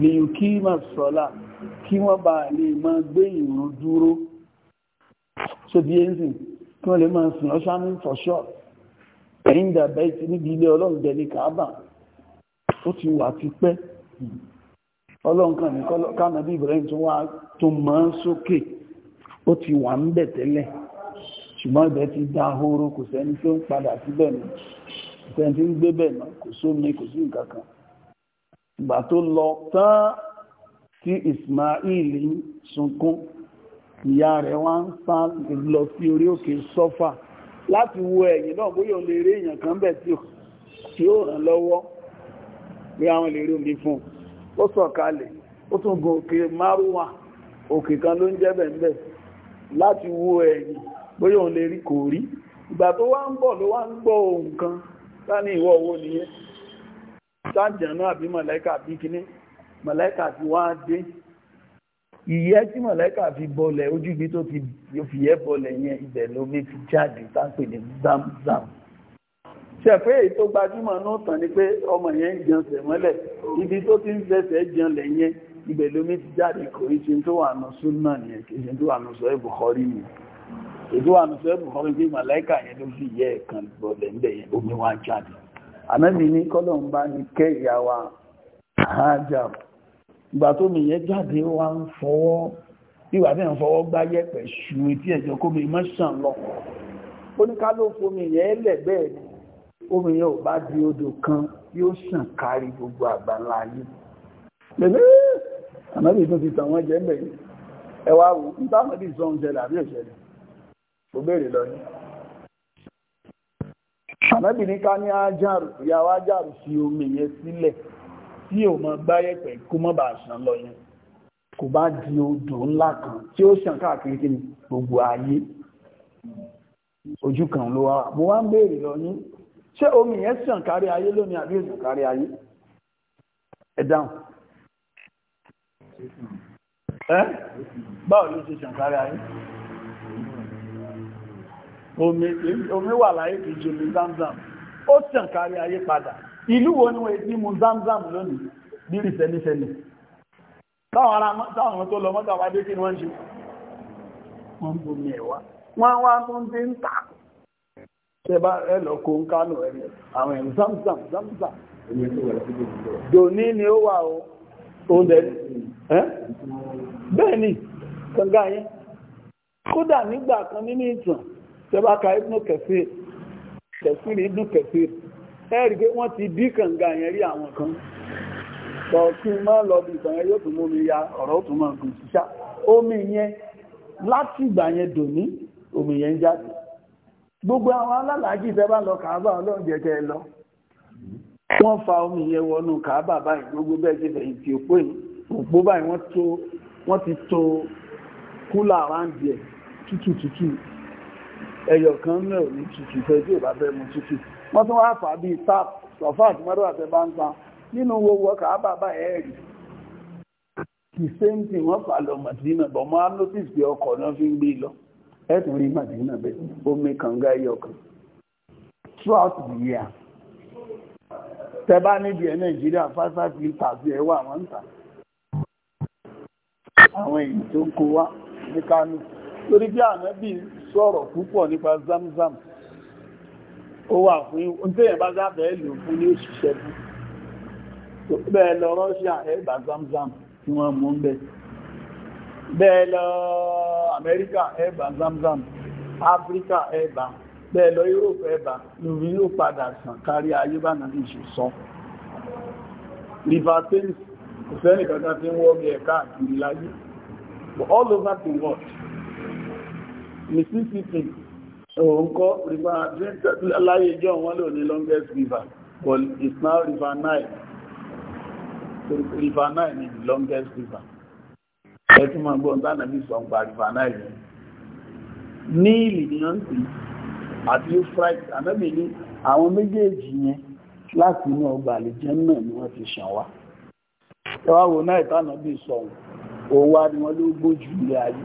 lè kí mà sọ́lá kí wọ́n bá lè máa so bí ẹ́nsìn kí wọ́n lè máa sùn lọ́ṣọ́ ní fọ́ṣọ́ ẹ̀yìn dàbẹ́ ti níbi ilé ọlọ́run dẹ̀ ní kàábà ó ti wà ti pẹ́ ọlọ́run kan ní kánàbí Ibrahim tó wá tó mọ́ ti wà ń bẹ̀ tẹ́lẹ̀ ṣùgbọ́n ibẹ̀ ti dá horo kò sẹ́ni tó ń padà síbẹ̀ mọ́ ìfẹ́ tí ń gbé bẹ̀ náà ìgbà tó lọ tán tí Ismail sunkún ìyá rẹ̀ wá ń sá lọ sí orí òkè sọ́fà láti wo ẹ̀yìn náà bóyá lè rí èèyàn kan bẹ̀ tí ó ràn lọ́wọ́ bí àwọn lè rí omi fún ó sọ̀kalẹ̀ ó tún gun òkè márùwà òkè kan ló ń jẹ́ bẹ̀ńbẹ̀ láti wo ẹ̀yìn bóyá lè rí kò rí ìgbà tó wá ń bọ̀ ló wá ń gbọ́ ohun kan sáni ìwọ owó nìyẹn sáàjẹ̀ náà àbí mọ̀lẹ́kà bí kíní mọ̀lẹ́kà ti wá dé ìyẹ́ tí mọ̀lẹ́kà fi bọlẹ̀ ojú ibi tó ti fi yẹ́ bọlẹ̀ yẹn ibẹ̀ ló mé fi jáde tápè ní zamzam ṣẹ̀fẹ́ èyí tó gbajúmọ̀ náà tàn ní pé ọmọ yẹn ń jẹun sẹ̀ mọ́lẹ̀ ibi tó ti ń fẹsẹ̀ jẹun lẹ̀ yẹn ibẹ̀ ló mé ti jáde kò í ṣe ni ètò wà ìgbà tó mi yẹ jáde wá ń fọwọ́ ìwà tí ń fọwọ́ gbá yẹ̀pẹ̀ ṣù etí ẹ̀jọ́ kó mi mọ́ ṣàn lọ ó ní ká ló fomi yẹn lẹ̀ bẹ́ẹ̀ ni omi yẹn ò bá di odò kan yóò ṣàn kárí gbogbo àgbàlá ayé lẹ́nu ànábì tó ti tàn wọ́n jẹ́ mẹ́ ẹ wá wò ní táwọn sọ ń ṣẹlẹ̀ àbí òṣẹlẹ̀ kò béèrè lọ ní. ànábì ní ká ní ajáàrù ìyàwó ajáàrù fi omi yẹn sílẹ̀ tí ò mọ gbáyẹ̀pẹ̀ kó mọ́ bá ṣàn lọ yẹn kò bá di odò ńlá kan tí ó ṣàn káàkiri kí ni gbogbo ayé ojú kan ló wá mo wá ń béèrè lọ yín ṣé omi yẹn ṣàn kárí ayé lónìí àbí òṣàn kárí ayé ẹ dáhùn ẹ́ báwo ló ṣe ṣàn kárí ayé omi wà láyé kìí jù omi zamzam ó ṣàn kárí ayé padà ìlú wo ni wọ́n ti mú zamzam lónìí bí rí sẹ́lẹ̀sẹ́lẹ̀ táwọn tó lọ mọ́ta wá dé kí wọ́n ṣe wọ́n bú mi ẹ̀wà wọ́n wá tó ń dé ń tà ṣẹba ẹlọ kó ń kánò ẹ̀rẹ̀ àwọn ẹ̀rù zamzam zamzam dòní ni ó wà ó tó dẹ̀ bẹ́ẹ̀ ni kànga yẹn kódà nígbà kan nínú ìtàn ṣẹba ka ibùdó kẹfì kẹfì ẹ̀rí pé wọ́n ti bí kànga yẹn rí àwọn kan sọ kí n máa lọ bí ìtàn yẹn yóò tún mú mi ya ọ̀rọ̀ ó tún máa gùn síṣá omi yẹn láti ìgbà yẹn dòní omi yẹn ń jáde gbogbo àwọn alálàájì tẹ́ bá lọ kàábà ọlọ́run jẹ́ kẹ́ ẹ lọ wọ́n fa omi yẹn wọnú kàábà báyìí gbogbo bẹ́ẹ̀ ṣe fẹ̀yìntì òpó yìí òpó báyìí wọ́n tó wọ́n ti tò kúlà ráńdì ẹ̀ tútù tútù ẹyọ kan náà ní tútù fẹ́ tí ò bá fẹ́ mu tútù wọ́n tún wá fà bí sáp sọ̀fà àti mọ́rọ̀ àti báńsán nínú gbogbo kàábà báyẹ̀ rí the same thing wọ́n fà lọ Madina bọ̀ mọ́ á notice pé ọkọ̀ náà fi ń gbé lọ ẹ̀tùn rí Madina bẹ́ẹ̀ omi kànga throughout the year tẹ́bá níbi ẹ̀ Nàìjíríà five five litres ẹ̀ wà wọ́n ń tà àwọn èyí tó ń kó wá ní Kánò torí bí ànábì sọ̀rọ̀ púpọ̀ nípa Zamzam ó wà fún ìpéyàn bá sáfẹ́ lò fún ní òṣìṣẹ́ fún bẹ́ẹ̀ lọ Russia ẹgbà zamzam tí wọ́n mú ń bẹ bẹ́ẹ̀ lọ Amẹ́ríkà ẹgbà zamzam Áfíríkà ẹgbà bẹ́ẹ̀ lọ Europe ẹgbà lórí yóò padà sàn kárí ayé bá nàbí ìṣù sọ River Thames kò sẹ́nì kankan tí wọ́n bí ẹ̀ká àkìrí láyé but all over the world Mississippi òun kọ́ river láyé jọ wọ́n lò ní longest river but it's now river Nile river Nile ni the longest river ẹtún máa gbọ́n tá nàbí sọ ń pa river Nile níìlì ni wọ́n pè àti Euphrates ànábì ní àwọn méjèèjì yẹn láti inú ọgbà àlejẹ́ náà ni wọ́n ti ṣàn wá ẹwà wo náà ìtànà bí sọ̀rọ̀ òun wá ni wọ́n ló gbójú ilé ayé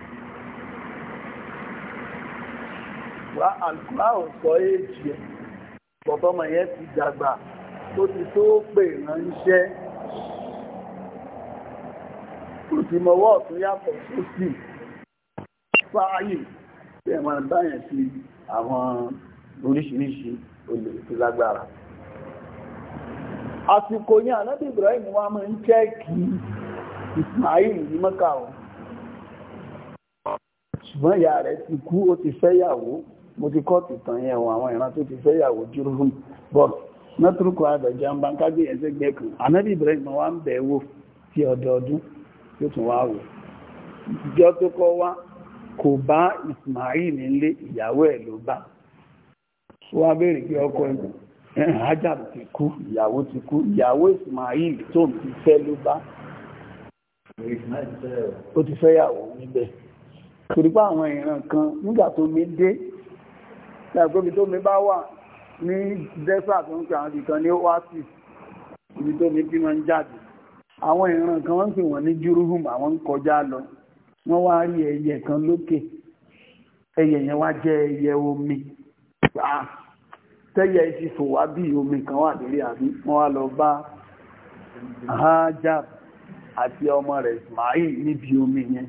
aláwọ̀ sọ èjì ẹ̀ bọ̀bọ́mọ̀ yẹn ti dàgbà tó ti tó pè ránṣẹ́ ìmọ̀wọ́ tó yàtọ̀ tó sì fáyì tí ẹ máa dáyẹ̀ sí àwọn oríṣiríṣi olè tó lágbára àsìkò ní ànábì Ibrahim wa máa ń chẹ́ẹ̀kì Ismail ní Mẹ́kà ọ̀ ṣùgbọ́n ìyá rẹ̀ ti kú ó ti fẹ́yàwó mo ti kọ́ tìtàn yẹn wọn àwọn ìran tó ti fẹ́ yàwó jùrù hùn bọ́ mẹ́tùrùkù àgbẹ̀jọ ń ń kágbé yẹn sẹ́gbẹ́ kan ànábì wa ń bẹ̀ wò ti ọdọọdún tó tún wá wò ìjọ tó kọ́ wá kò bá Ismail nílé ìyàwó ẹ̀ ló bá wá béèrè pé ọkọ ẹ̀ Hajar ti kú ìyàwó ti torípá àwọn ìran kan nígbà tó mi dé ẹ̀gbọ́mi tó mi bá wà ní dẹ́sà tó ń pè àwọn ìkan ní oasis ibi tó mi bí wọ́n ń jáde àwọn ìran kan wọ́n pè wọ́n ní júrúhùm àwọn ń kọjá lọ wọ́n wá rí ẹyẹ kan lókè ẹyẹ yẹn wá jẹ́ ẹyẹ omi tẹ́yẹ ti fò wá bí omi kan wà lórí àbí wọ́n wá lọ bá Hajar àti ọmọ rẹ̀ Ismail níbi omi yẹn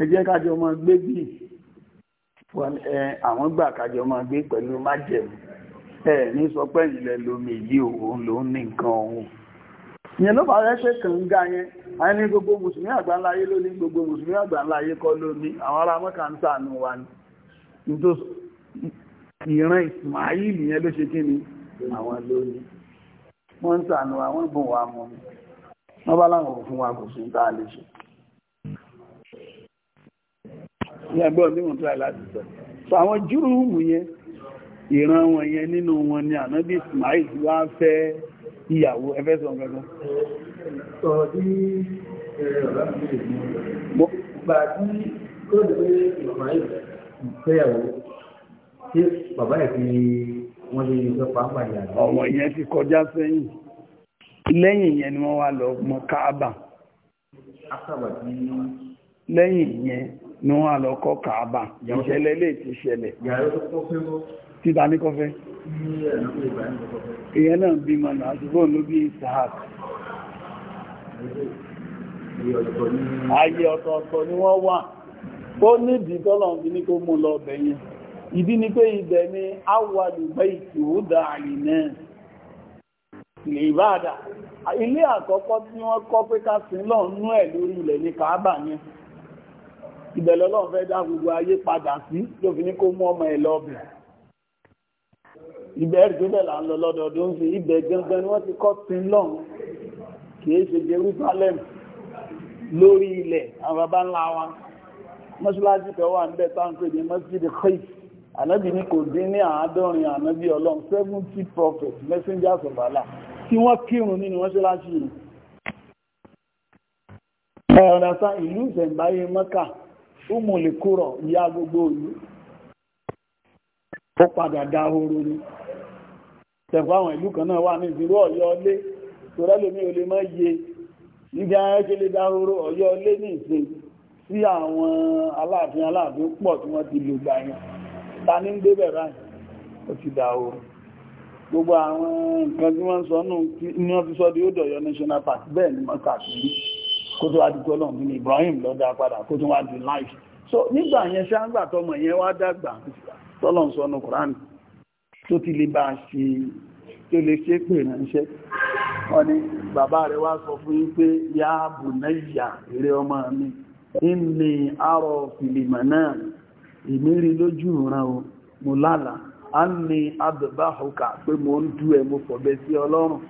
ẹ jẹ́ ọmọ gbé bíi àwọn gbà kájọ máa gbé pẹ̀lú májẹ̀mú ẹ̀ ní sọ pé ìlẹ̀ lomi yìí òun ló ń ní nǹkan ọ̀hún ìyẹn ló bá rẹ́ṣẹ́ kànga yẹn a ní gbogbo mùsùlùmí àgbáńláyé ló ní gbogbo mùsùlùmí àgbáńláyé kọ́ ló ní àwọn ará mọ́ka ń sàánú wa ní tó ìran Ismail yẹn ló ṣe kí ni àwọn ló ní wọ́n ń sàánú wa wọ́n bùn wa mọ́ wọ́n bá láwọn òfin wa kò sí ń tá a lè ṣe ní ẹgbẹ́ onímọ̀ tó láti sọ so àwọn júrùmù yẹn ìran wọn yẹn nínú wọn ni ànábì Ismail wá fẹ́ ìyàwó ẹfẹ́ sọ gẹ́gẹ́ ọmọ ìyẹn ti kọjá sẹ́yìn lẹ́yìn yẹn ni wọ́n wá lọ mọ káàbà lẹ́yìn yẹn ní wọ́n àlọ́kọ́ kàábà iṣẹlẹ lè ti ṣẹlẹ̀ títà ní kọfẹ́ ìyẹn náà bí ma náà ṣùgbọ́n ló bí ayé ọ̀tọ̀ọ̀tọ̀ ni wọ́n wà ó nídìí tọ́lọ̀ bí ní kó mú lọ bẹ̀yẹn ìdí ni pé ibẹ̀ ni a wà náà. ìbẹ̀lẹ̀ ọlọ́run fẹ́ dá gbogbo ayé padà sí ló fi ní kó mú ọmọ ẹ̀ lọ́bẹ̀ ibẹ̀ ẹ̀rì tó bẹ̀lá ń lọ lọ́dọọdún sí ibẹ̀ gangan ni wọ́n ti kọ́ sí lọ́hùn kìí ṣe Jerusalem lórí ilẹ̀ àwọn baba ńlá wa mọ́ṣáláṣí kan wà níbẹ̀ táǹkì ní mọ́ṣídì khaif ànábì ní kò dín ní àádọ́rin ànábì ọlọ́run seventy prophets messengers of Allah tí wọ́n kírun nínú mọ́ṣáláṣí yìí ẹ̀rọ̀dàsá ìlú ìṣẹ̀ǹbáyé mọ́kà fúnmùlẹ̀kúrọ̀ ya gbogbo oyi o padà dáhóró ni tẹ̀fọ́ àwọn ìlú kan náà wà ní ìdúró ọ̀yọ́ ọlé tó rẹ́lómi ò lè mọ́ iye nígbà ẹ̀ṣẹ́ lè dáhóró ọ̀yọ́ ọlé ní ìsìn sí àwọn ti lò yẹn ta ní ń débẹ̀ ti gbogbo àwọn nǹkan tí wọ́n sọ nù ní wọ́n fi sọ di kó tó wá di kọ́lọ̀ ní Ibrahim lọ́dá padà kó tó wá di life so nígbà yẹn ṣáńgbà tọmọ yẹn wá dàgbà tọ́lọ̀ ń sọnù Quran tó ti lè bá ṣe tó lè ṣe pè ránṣẹ́ wọ́n ní bàbá rẹ̀ wá sọ fún yín pé yá bù náyà eré ọmọ mi ìní àrọ̀ fìlìmọ̀ náà ìmírí lójú ìran o mo lálàá a ní adọ̀báhùkà pé mo ń dú ẹ mo fọ̀bẹ sí Ọlọ́run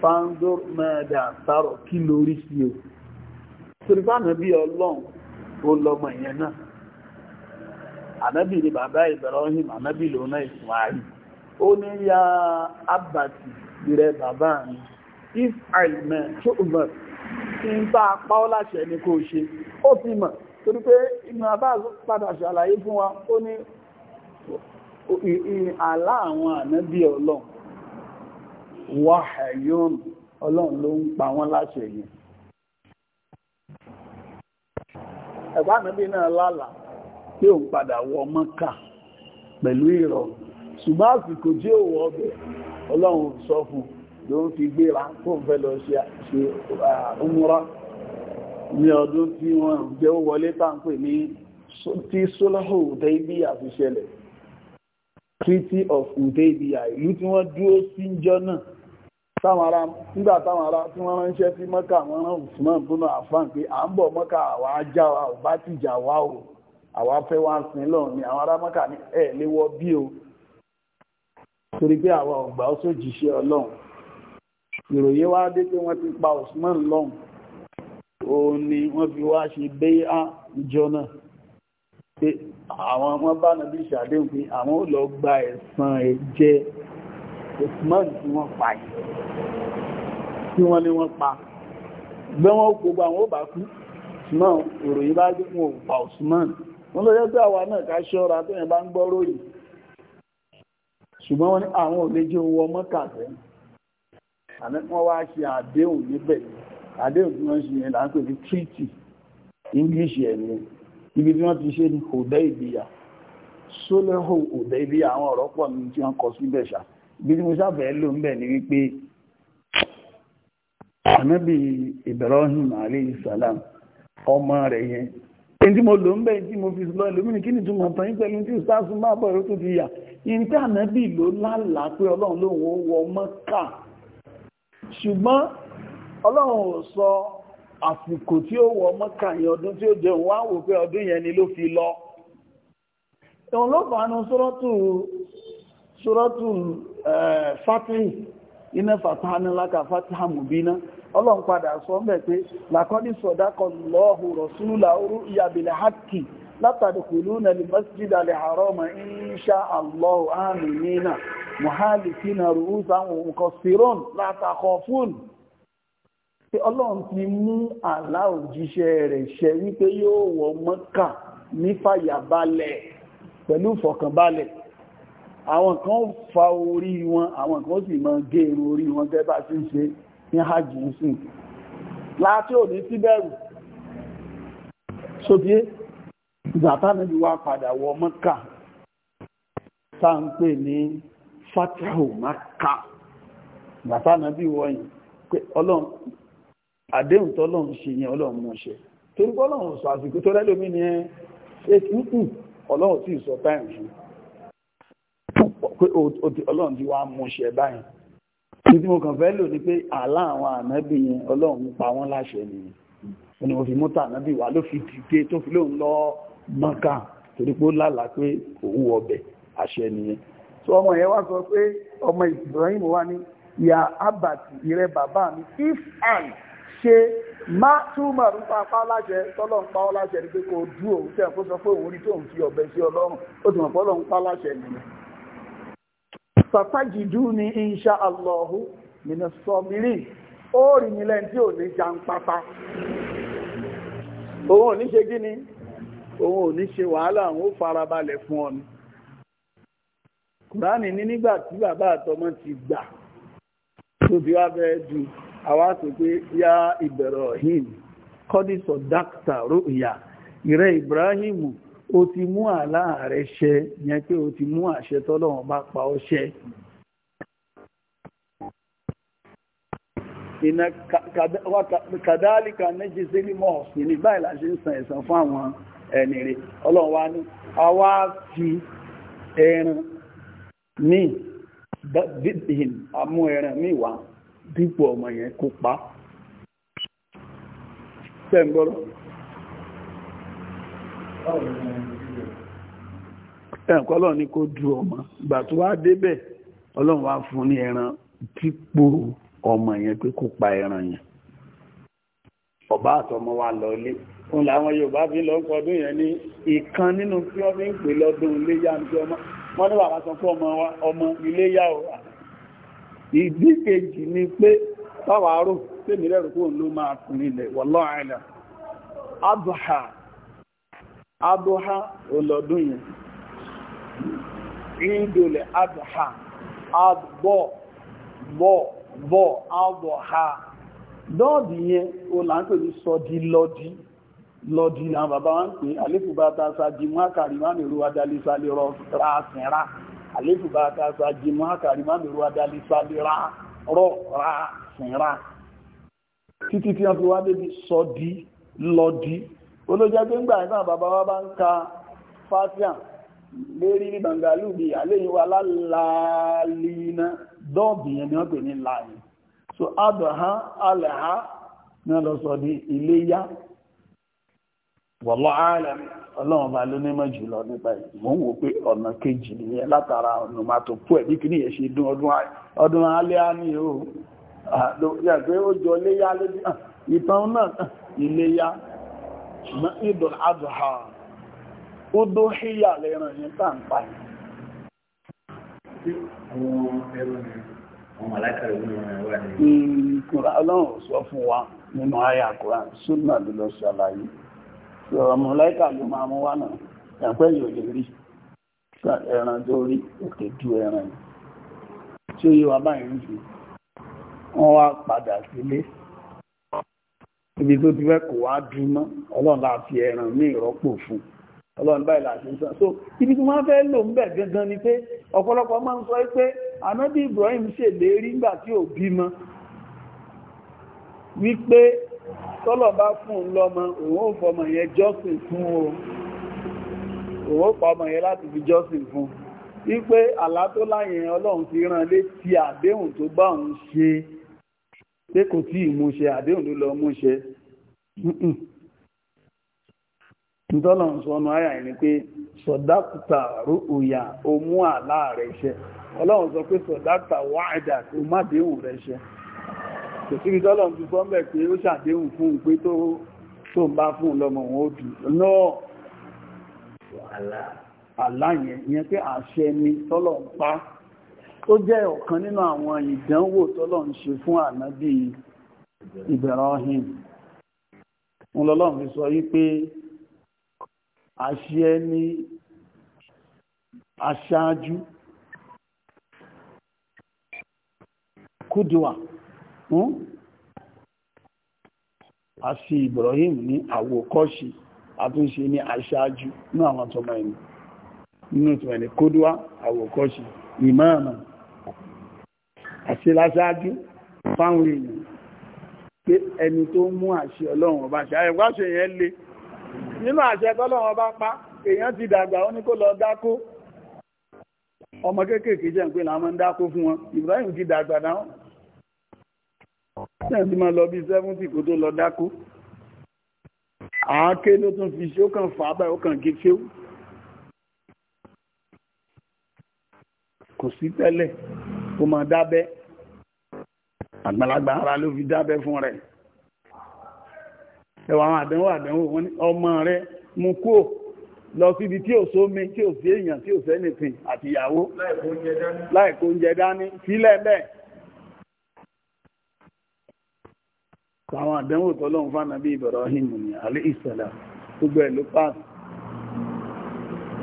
fáńdọ́rọ̀ mẹ́ẹ̀dà sárọ̀ kí lórí sí o torípá ànábì ọlọ́run ó lọ́mọ ìyẹn náà ànábì ni bàbá Ibrahim ànábì lòun náà Ismail ó ní ya abàtì rẹ bàbá mi if i mẹ ṣóòmọ tí ń bá apá ọ láṣẹ ni kò ṣe ó ti mọ̀ torí pé inú abá padà ṣàlàyé fún wa ó ní àlá àwọn ànábì ọlọ́run wàhàyọ́n ọlọ́run ló ń pa wọ́n láṣẹ yẹn ẹ̀gbá ànábì náà lálà pé òun padà wọ Mọ́kà pẹ̀lú ìrọ̀ ṣùgbọ́n àsìkò jẹ́ òwò ọbẹ̀ ọlọ́run sọ fún ló ń fi gbéra kó ń fẹ́ lọ ṣe umura ní ọdún tí wọ́n jẹ́ ó wọlé tàǹpẹ̀ ní tí sólọ́hù Hudaybiya fi ṣẹlẹ̀ Treaty of Hudaybiya ìlú tí wọ́n dúró sí jọ náà táwọn ará nígbà táwọn ará tí wọ́n ránṣẹ́ sí mọ́kà wọ́n rán Usman bùnú àfáàn pé à ń bọ̀ mọ́kà àwa ajá wa ò bá ti jà wá o àwa fẹ́ wá sin lọ́run ni àwọn ará mọ́kà ní ẹ̀ léwọ́ bí o torí pé àwa ò gbà ó sójìṣẹ́ ọlọ́run ìròyìn wá dé pé wọ́n ti pa Usman lọ́run òun ni wọ́n fi wá ṣe béyà ìjọ náà pé àwọn ọmọ bá nàbí ìṣàdéhùn pé àwọn ò lọ gba ẹ̀san ẹ̀jẹ̀ Usman tí wọ́n pa yìí tí wọ́n ní wọ́n pa gbẹ́ wọn gbogbo àwọn ó bá kú Usman ìròyìn bá gbé wọn ò pa Usman wọ́n ló yẹ́ pé àwa náà ká ṣọ́ra tó yẹn bá ń gbọ́ ròyìn ṣùgbọ́n wọ́n ní àwọn ò lè jẹ́ owó ọmọ kàfẹ́ àmì wọ́n wá ṣe àdéhùn níbẹ̀ àdéhùn tí wọ́n ṣe yẹn là ń pè ní treaty English ẹ̀mí ibi tí wọ́n ti ṣe ní òdẹ́ ìbíyà sólẹ́hùn òdẹ́ ìbíyà àwọn ọ̀rọ̀ pọ̀ ní tí wọ́n kọ síbẹ̀ ṣáà bí mo sáfẹ́ ló ń bẹ̀ ní wípé ànábì Ibrahim alayhi salam ọmọ rẹ̀ yẹn ẹni tí mo lò ń bẹ̀ tí mo fi lọ ẹlòmínì kí ni tó máa tán pẹ̀lú tí sáàsù máa bọ̀ ẹ̀rọ tó ti yà ní tí ànábì ló lálàá pé ọlọ́run ló ó wọ Mọ́kà ṣùgbọ́n ọlọ́run ò sọ àsìkò tí ó wọ Mọ́kà yẹn ọdún tí ó jẹ òun wá wò pé ọdún yẹn ni ló fi lọ òun ló fàánú ṣúrọ́tún fatih iná fatahániláka fatiha mubina ọlọ́run padà sọ mẹ́ pé làkọ́dí sọ̀dákọ̀ lọ́hùn rọ̀súlà orú ìyàbìlẹ̀ hàkì látàdùkùlú na lè masjida lè harọ́mà inṣà allahu aminina muhaliki na ruusa nǹkan siron látàkọ̀ fún tí ọlọ́run ti mú àlá òjíṣẹ́ rẹ̀ ṣẹ wípé yóò pẹ̀lú fọ̀kànbalẹ̀ àwọn kan fa orí wọn àwọn kan sì máa gé irun orí wọn gẹ́bà sí ṣe ní hajj sí láti ò ní síbẹ̀rù sóbí ìgbàtánàbí wá padà wọ Mọ́kà tá ń pè ní fatahu Mọ́kà ìgbàtánàbí wọ́yìn pé ọlọ́run àdéhùn tọ́lọ́run ṣe yẹn ọlọ́run mú ṣe torí ọlọ́run sọ àsìkò tó lẹ́lómi ni ẹ́ ọlọ́run sì sọ táìmù fún pé ọlọ́run ti wá mú ṣẹ báyìí títí mo kàn fẹ́ lò ní pé àlá àwọn ànábì yẹn ọlọ́run pa wọ́n láṣẹ nìyẹn ó ní mo fi mọ́tà ànábì wá ló fi dìde tó fi lóun lọ mọ́kà torí pé ó lálà pé òun ọbẹ̀ àṣẹ nìyẹn tó ọmọ yẹn wá sọ pé ọmọ Ibrahim wá ní ìyá abàtì ìrẹ bàbá mi if and ṣe má túmọ̀ rúpa pa láṣẹ tọ́lọ́ ń pa ọ́ láṣẹ ni pé kò dú òun tẹ̀ kó sọ pé òun ní tóun fi ọ̀bẹ sí ọlọ́run ó ti mọ̀ pọ́ lọ́run pa láṣẹ nìyẹn sàtàjìdúni inṣà àlọ́hù nínú sọmírì ó rí nílẹ̀ tí ò ní jàǹpátá òun ò ní ṣe gíní òun ò ní ṣe wàhálà òun ó farabalẹ̀ fún ọ ni kùránì ní nígbà tí bàbá àtọmọ ti gbà tó bí wá ju àwa pé yá Ibrahim kọ́dísọ̀ dákítà róòyà ìrẹ́ Ibrahim o ti mú àlá rẹ̀ ṣẹ yẹn pé o ti mú àṣẹ tọ́lọ́run bá pa ọ́ ṣẹ iná kàdálíkà méjì sí ní mọ́ọ̀sì ní báyìí la ṣe ń san ẹ̀san fún àwọn ẹni rẹ̀ ọlọ́run ní àwa fi ẹran ní bíbìn amú ẹran míì wá dípò ọmọ yẹn kópa tẹ́ǹgbọ́rọ̀ ẹ̀kọ́ ọlọ́run ní kó du ọmọ ìgbà tó wá débẹ̀ ọlọ́run wá fún ní ẹran dípò ọmọ yẹn pé kó pa ẹran yẹn ọba àtọmọ wa lọ ilé òun làwọn yorùbá fi lọ ń kọdún yẹn ní ìkan nínú tí wọn fi ń pè lọ́dún iléyà ní ọmọ wọn ní bàbá sọ fún ọmọ wa ọmọ iléyà o ìdí kejì ni pé báwa rò pé mi rẹ̀ rò pé òun ló máa kùn ilẹ̀ wọ́lọ́ àìlà adùhà adọ́há olọ́dún yẹn ìdòlẹ̀ adọ́há adọ́ bọ́ bọ́ adọ́há dọ́ọ̀dì yẹn o là ń pè ní sọ́dí lọ́dí lọ́dí na bàbá wá ń pè àléfùbátà sájí mú àkàrí má mèrú adálísá lè rọ ráàsìnrá àléfùbátà sájí mú àkàrí má mèrú adálísá lè rá rọ ráàsìnrá títí tí wọ́n fi wá débi sọ́dí lọ́dí olójẹ́ pé ńgbà ìgbà bàbá wa bá ń ka fásíà lérí ní bangalú bí àléyìn wa lálàálìíná dọ́ọ̀bì ni wọ́n pè ní láàyè so adọ̀há alẹ́há ni wọ́n lọ sọ ní wọ̀lọ́ ààrẹ ọlọ́run bá ló nímọ̀ jùlọ nípa ìmọ̀ wò pé ọ̀nà kejì nìyẹn látara ọ̀nà máa tó pọ̀ ẹ̀bí kí nìyẹn ṣe dún ọdún o ó jọ lójú ìtàn náà ṣùgbọ́n ìdùn àdùhà ó dó híyà lẹ́ran yẹn tá ń pa hmm, Kùrá ọlọ́run sọ fún wa nínú àyà Kùrá, Súnà ló lọ ṣàlàyé. Sọ̀rọ̀ mọ̀láíkà ló máa mú wá náà, ẹ̀pẹ́ yóò lè rí ẹran tó rí òkè ju ẹran. Tí ó yé wa ibi tó ti fẹ́ kò wá dùn mọ́ ọlọ́run láà fi ẹran ní ìrọ́pò fún ọlọ́run báyìí láà ṣe ń sàn so ibi tí wọ́n fẹ́ lò ń bẹ̀ gangan ni pé ọ̀pọ̀lọpọ̀ máa ń sọ pé anábì Ibrahim ṣèlérí nígbà tí ò bímọ wípé tọ́lọ̀ bá fún lọ́mọ òun ò fọmọ yẹn jọ́sìn fún o òun ò pa ọmọ yẹn láti fi jọ́sìn fún wípé àlá tó láyẹn ọlọ́run ti rán létí àdéhùn tó bá òun ṣe pé kò tí ì múṣẹ àdéhùn ló lọ múṣẹ ntọ́lọ̀ ń sọ ọmọ ayà ni pé sọ̀dákùtà rúùyà o mú àlá rẹ̀ ṣẹ ọlọ́run sọ pé sọ̀dákùtà wáàdà o má déhùn rẹ̀ ṣẹ kò síbi tọ́lọ̀ ń fi fọ́nbẹ̀ pé ó ṣàdéhùn fún un pé tó ń bá fún un lọ́mọ òun ó dù náà àlá yẹn yẹn pé àṣẹ ni tọ́lọ̀ ń pa ó jẹ́ ọ̀kan nínú àwọn ìdánwò tọ́lọ̀ ń ṣe fún ànábì Ibrahim ńlọ́lọ́run fi sọ wípé àṣẹ ní aṣáájú kúdùwà hmm? fún àṣì Ibrahim ní àwòkọ́ṣe àtúnṣe ní aṣáájú ní àwọn tọmọ ẹni nínú tọmọ ẹni kúdùwà àṣẹ láṣáájú fáwọn èèyàn pé ẹni tó mú àṣẹ ọlọ́run ọba ṣe àyẹ̀wò àṣẹ yẹn le nínú àṣẹ tọ́lọ́run ọba pa èèyàn ti dàgbà ó ní kó lọ dákó ọmọ kéékèèké jẹ́ pé làwọn ń dákó fún wọn Ibrahim ti dàgbà náà náà ti máa lọ bí 70 kó tó lọ dákó àáké ló tún fi ṣe ó kàn fà á báyìí ó kàn gé ṣé kò sí tẹ́lẹ̀ kò máa dábẹ́ àgbàlagbà ara ló fi dábẹ́ fún rẹ̀ ẹwà àwọn àdánwò àdánwò wọn ni ọmọ rẹ̀ mú kú ò lọ síbi tí ò sómi tí ò sí èèyàn tí ò sẹ́nìtìn àti ìyàwó láìkó oúnjẹ dání sílẹ̀ bẹ́ẹ̀ àwọn àdánwò tọ́lọ́run fánà bí Ibrahim ní alayhi salam gbogbo ẹ̀ ló pàṣẹ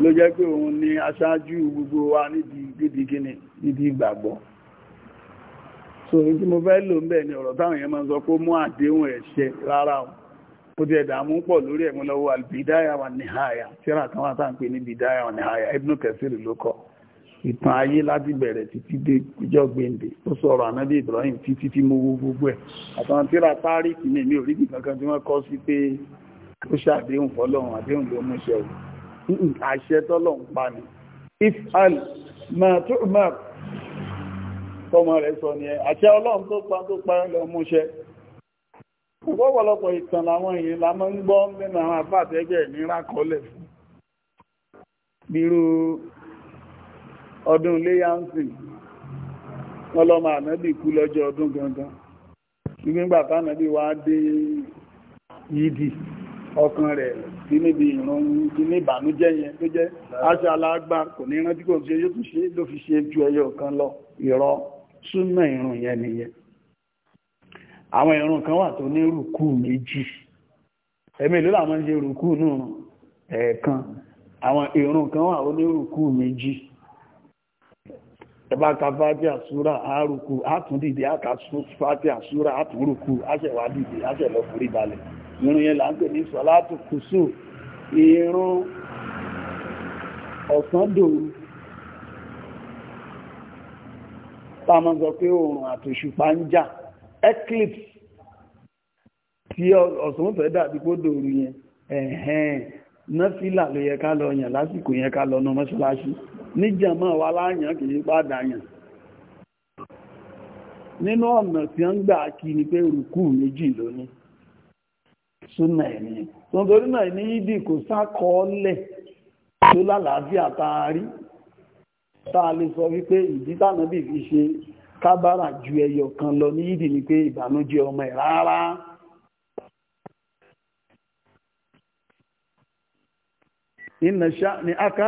ló jẹ́ pé òun ni aṣáájú gbogbo wa níbi gidi gíní níbi ìgbàgbọ́ so ní tí mo fẹ́ lò ń bẹ̀ ni ọ̀rọ̀ táwọn èèyàn máa ń sọ pé mú àdéhùn ẹ̀ṣẹ̀ rárá o ó ti ẹ̀dà mú pọ̀ lórí ẹ̀mú lọ́wọ́ albidaya wa nihaya tíra kan wá tá à ń pè ní bidaya wa nihaya Ibn Kathir ló kọ ìtàn ayé láti bẹ̀rẹ̀ títí dé ìjọ gbèǹde ó sọ̀rọ̀ ànábì Ibrahim títí tí mo wo gbogbo ẹ̀ àtàwọn tíra táríkì ní èmi òrídìí kankan tí wọ́n kọ́ sí pé ó ṣàdéhùn fọlọ́run àdéhùn ló mú ṣe o àṣẹ tọ́lọ̀ ń pa ni if al ma tó ma tọ́mọ rẹ̀ sọ ni ẹ àṣẹ ọlọ́run tó pa tó parẹ́ lọ múṣẹ ọ̀pọ̀lọpọ̀ ìtàn làwọn èèyàn la máa ń gbọ́ nínú àwọn àfáàtẹ́gbẹ̀ nira kọlẹ̀ fún bírú ọdún léyánsì wọ́n lọ́mọ ànábì kú lọ́jọ́ ọdún gangan nígbà tánàbì wá dé yídì ọkàn rẹ̀ sí níbi ìran ti ní ìbànújẹ́ yẹn tó jẹ́ aṣọ alágbà kò ní rántí kò ṣe yóò tún ṣe ló fi ṣe ju ẹyọ kan lọ ìrọ́ súnà ìrun yẹn nìyẹn àwọn kan wà tó ní rùkú méjì ẹ̀mí ìlú làwọn ṣe rùkú náà ẹ̀ẹ̀kan kan wà ó ní rùkú méjì ẹ̀bá ka fàájì àsúrà àárùkú àtúndìdì Asura fàájì àsúrà àtúnrùkú àṣẹwádìdì àṣẹlọ́kùnrin balẹ̀ ìrun yẹn là ń pè ní Irun kùsù táàmọ́ sọ pé oòrùn àtòṣùpá ń jà eclipse tí ọ̀sán fẹ́ dàbí kó dòrú yẹn ẹ̀hẹ́n náfílà ló yẹ ká lọ yàn lásìkò yẹn ká lọ nà mọ́ṣáláṣí níjàmọ́ wa láàyàn kì í padà yàn nínú ọ̀nà tí ó ń gbà kí ni pé rùkú méjì lónìí súnà ẹ̀mí nítorí náà ní ìdí kò sákọọ́lẹ̀ tó lálàáfíà taari táa lè sọ wípé ìdí tánàbì fi ṣe kábàrà ju ẹyọ kan lọ ní yídì ni pé ìbànújẹ́ ọmọ ẹ̀ rárá iná aka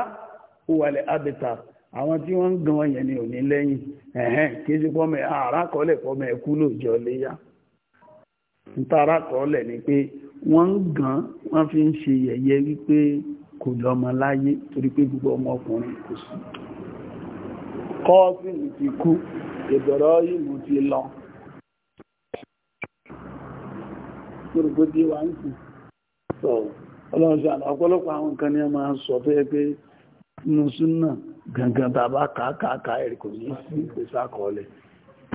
òwàlẹ̀ abẹta àwọn tí wọ́n ń gan yẹn ni ò ní lẹ́yìn ẹ̀hẹ́n kéjì pọ́mẹ̀ àrákọ́lẹ̀ pọ́mẹ̀ ẹkú lóòjọ́ léyà ntara kọ́lẹ̀ ni pé wọ́n ń gan wọ́n fi ń ṣe yẹ̀yẹ́ wípé kò lọ́mọ láyé torí pé gbogbo ọmọkùnrin kò sí kọ́ọ̀sìn ti kú ìbọ̀rọ̀ ìlú ti lọ gbogbo wa ń sìn sọ ọlọ́run ṣe àná ọ̀pọ̀lọpọ̀ àwọn nǹkan ni a máa sọ tó yẹ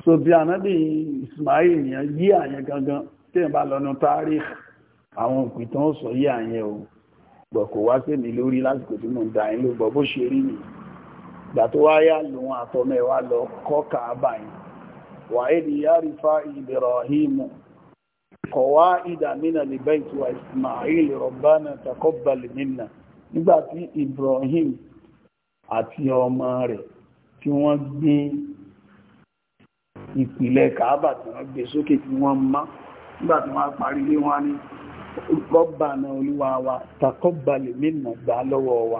so bí anábì Ismail yẹn yí àyẹn gangan tí ẹ̀ bá lọ́nu táárì àwọn òpìtàn sọ yí àyẹn o gbọ̀ kò wá sí mi lórí lásìkò tí ìgbà tó wáyá lòun lọ kọ́ kàábà yìí wàídì yárífà ìbìrọ̀hìmù kọ̀wá ìdàmínà lìbẹ́ ìtura ismail rọ̀bánà takọ́bàlì nínà nígbàtí ibrahim àti ọmọ rẹ̀ tí wọ́n gbé ìpìlẹ̀ kàábà tí wọ́n gbé sókè tí wọ́n má nígbàtí wọ́n parí lé wọn ní olúwa wa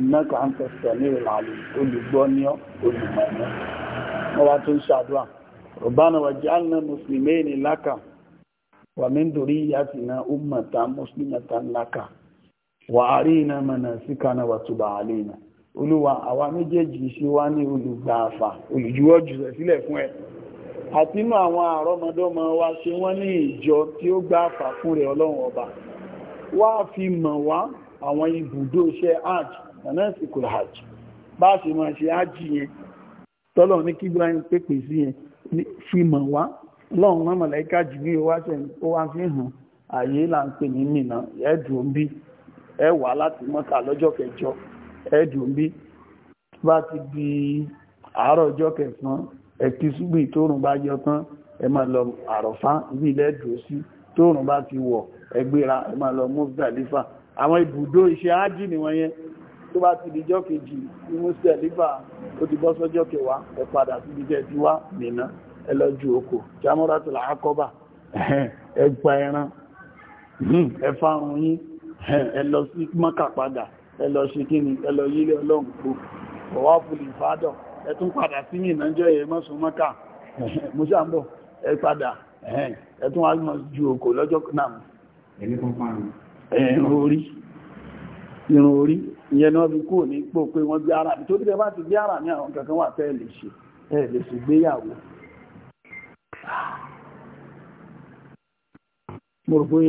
ìmọ́kà ń tẹ̀sẹ̀ ní ìlànà olùgbọ́ ní olùmọ̀ ní wọ́n wá tún ṣàdúrà Rabbana waj'alna muslimayni laka wa min dhurriyyatina ummatan muslimatan laka wa arina manasikana wa tub alayna olúwa àwa méjèèjì ṣe wá ní olùgbà àfà olùjúwọ́ jùlọ sílẹ̀ fún ẹ àti inú àwọn àrọ́mọdọ́mọ wa ṣe wọ́n ní ìjọ tí ó gbà àfà fún rẹ̀ ọlọ́run ọba wá fi mọ̀ wá àwọn ibùdó iṣẹ́ art manasikul hajj bá a ṣe máa ṣe hajj yẹn tọ́lọ̀ ní kí Ibrahim pèpè sí yẹn fi mọ̀ wá lọ́run náà mọ̀lẹ́kà jù bí ó wá fi hàn àyè là ń pè ní Mínà ẹ̀dùn bí ẹ wà láti Mọ́kà lọ́jọ́ kẹjọ ẹ̀dùn bí bá ti di àárọ̀ ọjọ́ kẹsàn-án ẹ̀kí súgbì tóòrùn bá yọ tán ẹ máa lọ àrọ̀fá ibi ilẹ̀ sí tóòrùn bá ti wọ̀ ẹgbéra ẹ máa lọ Muzdalifa àwọn ibùdó iṣẹ́ ájì nìwọ̀n yẹn tó bá ti dijọ́ kejì ní mùsùlùmí ó ti bọ́ sọ́jọ́ kẹwàá ẹ padà síbi jẹ́ ti wá nìna ẹ lọ ju oko Jamratul Aqaba ẹ gba ẹran ẹ fárun yín ẹ lọ sí Mọ́kà padà ẹ lọ ṣe kí yílé ọlọ́run kó orí ìyẹn ni wọ́n fi kúrò ní pò pé wọ́n gbé ara mi tó dídẹ bá ti gbé ara mi àwọn kankan wà tẹ́ lè ṣe ẹ lè sì gbéyàwó mo rò pé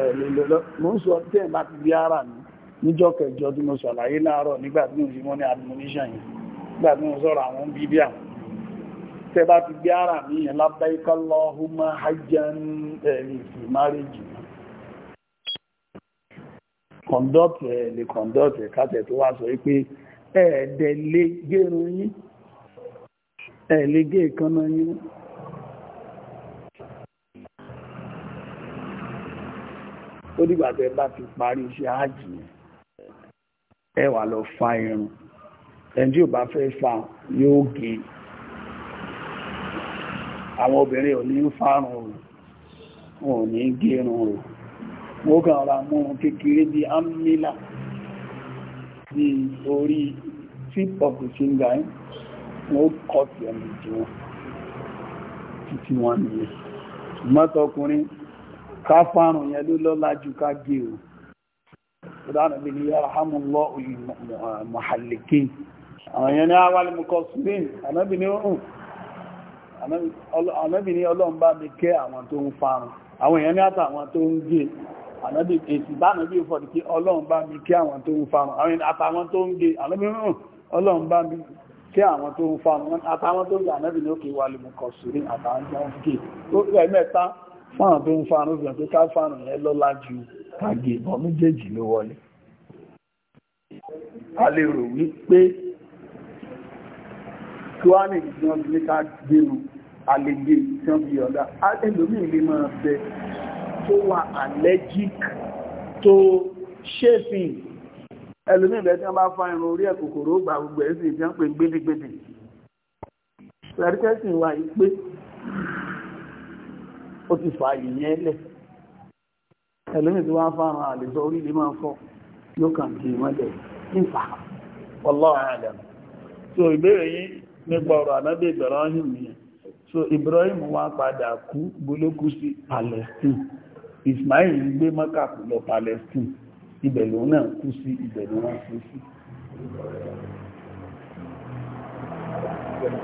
ẹ lè lọ lọ mo ń sọ tẹ́ ẹ̀ bá ti gbé ara mi níjọ́ kẹjọ tí mo ṣàlàyé láàárọ̀ nígbà tí mo fi mọ́ ní admonition yìí nígbà tí mo sọ̀rọ̀ àwọn bíbí àwọn tẹ́ bá ti gbé ara mi yẹn labbaik Allahumma hajjan ẹ̀ lè fi máréjì conduct eh, eh, ẹ̀ lè conduct ẹ̀ káàtẹ̀ tó wá sọ wípé ẹ̀ẹ̀dẹ̀ lè gẹ́rùn yín ẹ̀ lè gé ìkanná yín ó dìgbà tẹ́ bá ti parí iṣẹ́ ájì ẹ wà lọ fa irun ẹni ò bá fẹ́ fa yóò gé àwọn obìnrin ò ní fárun o wọn ò ní gé irun o wọ́n ọ̀rọ̀ ra kékeré bí amílà bí orí tip of the finger wọ́n eh? kọ́ ti ẹ̀mì tí wọ́n títí wọ́n ní mọ́tọkùnrin ká fárùn yẹn ló lọ́lá jù ká gé o ìdáná bí ní yarhamullahu al-muhalliqin àwọn yẹn ní awal ah, muqassirin ànábì ní ọlọ́mbà mi kẹ́ àwọn tó ń fárùn àwọn ànábì èsì bánàbí fọ́dí kí ọlọ́run bá mi kí àwọn tó ń farun àwọn àtàwọn tó ń gé ànábì rán ọlọ́run bá mi kí àwọn tó ń farun àtàwọn tó ń gé ànábì ní òkè wà lè mú kọ sórí àtàwọn tó ń gé ó rẹ̀ mẹ́ta fáwọn tó ń farun fi hàn pé ká farun yẹn lọ́lá ju kàgé ìbọn méjèèjì ló wọlé a lè rò wípé kí wá ní ìdíwọ́n bí ká gbèrú àlejò tí wọ́n fi yọ̀dá á tẹ́lómì máa bẹ tó wà allergic tó shaving ẹlòmíì bẹ́ẹ̀ tí wọ́n bá fa irun orí ẹ̀ kòkòrò ó gbà gbogbo ẹ̀ sì ti ń pè gbédégbédé lẹ́rìkẹ́sì wà yí pé ó ti fà ìyẹn lẹ̀ ẹlòmíì tí wọ́n fárun àlèsọ orílẹ̀ máa fọ́ yóò kàn kí mọ́lẹ̀ nípa ọlọ́run so ìbéèrè yìí nípa ọ̀rọ̀ ànábì Ibrahim yẹn so Ibrahim wá padà kú gbólókú sí Palestine Ismail ń gbé Mọ́kà kú lọ Palestine ibẹ̀ lòun náà kú sí ibẹ̀ ló wọ́n kú sí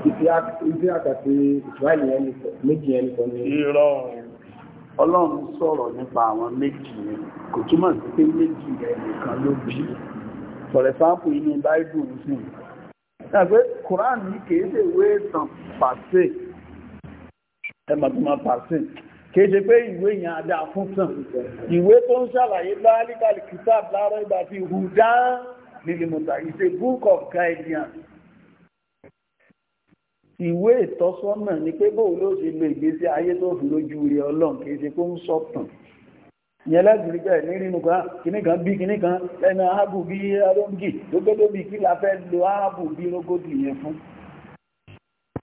ìfẹ́ àkàtí Ismail yẹn méjì yẹn nìkan ní irọ́ Ọlọ́run sọ̀rọ̀ nípa àwọn méjì yẹn kò túmọ̀ sí pé méjì yẹn nìkan ló bí for example inú Bible nìsín ẹgbẹ́ Quran ní kèéde wé tàn pàṣẹ ẹ mọ̀ tó máa pàṣẹ kìí ṣe pé ìwé yẹn àdá fúnfún ìwé tó ń ṣàlàyé láríkàlì kìtàb láàrọ̀ ìgbà fi hù dáán nílìmọ̀tà it's a book of guidance ìwé ìtọ́sọ́nà ni pé bóò ló ṣe lo ìgbésí ayé tó fi lójú rí ọlọ́run kìí ṣe kó ń sọ̀tàn ìyẹn lẹ́gbẹ̀rẹ̀ bẹ́ẹ̀ ní rínú kan kìíní kan bí kìíní kan ẹnu aábù bí aróńgì tó gbé bí kí la fẹ́ lo aábù bí rógódì yẹn fún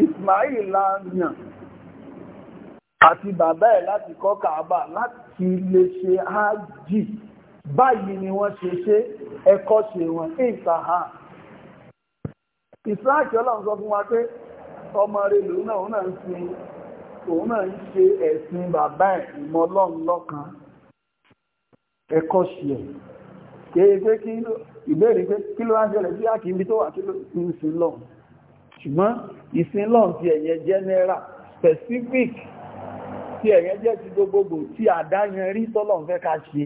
Ismail láàyàn àti bàbá ẹ̀ láti kọ́ Kàábà láti lè ṣe ájì báyìí ni wọ́n ṣe ṣe ẹ̀kọ́ ṣe wọn ní ìtàhà ìsáàkì ọlọ́run sọ fún wa pé ọmọ rẹ̀ lòun náà náà ń òun náà ń ṣe ẹ̀sìn bàbá ẹ̀ ìmọ̀ ọlọ́run lọ́kan ẹ̀kọ́ ṣe ẹ̀ kéèké kí ìbéèrè pé kí ló ṣẹlẹ̀ sí àkíńbí tó wà kí ló ń sin lọ́run ṣùgbọ́n ìsinlọ́n ti ẹ̀yẹn general specific tí ẹ̀yẹn jẹ́ ti gbogbogbò tí àdáyẹn rí tọ́lọ̀n fẹ́ ká ṣe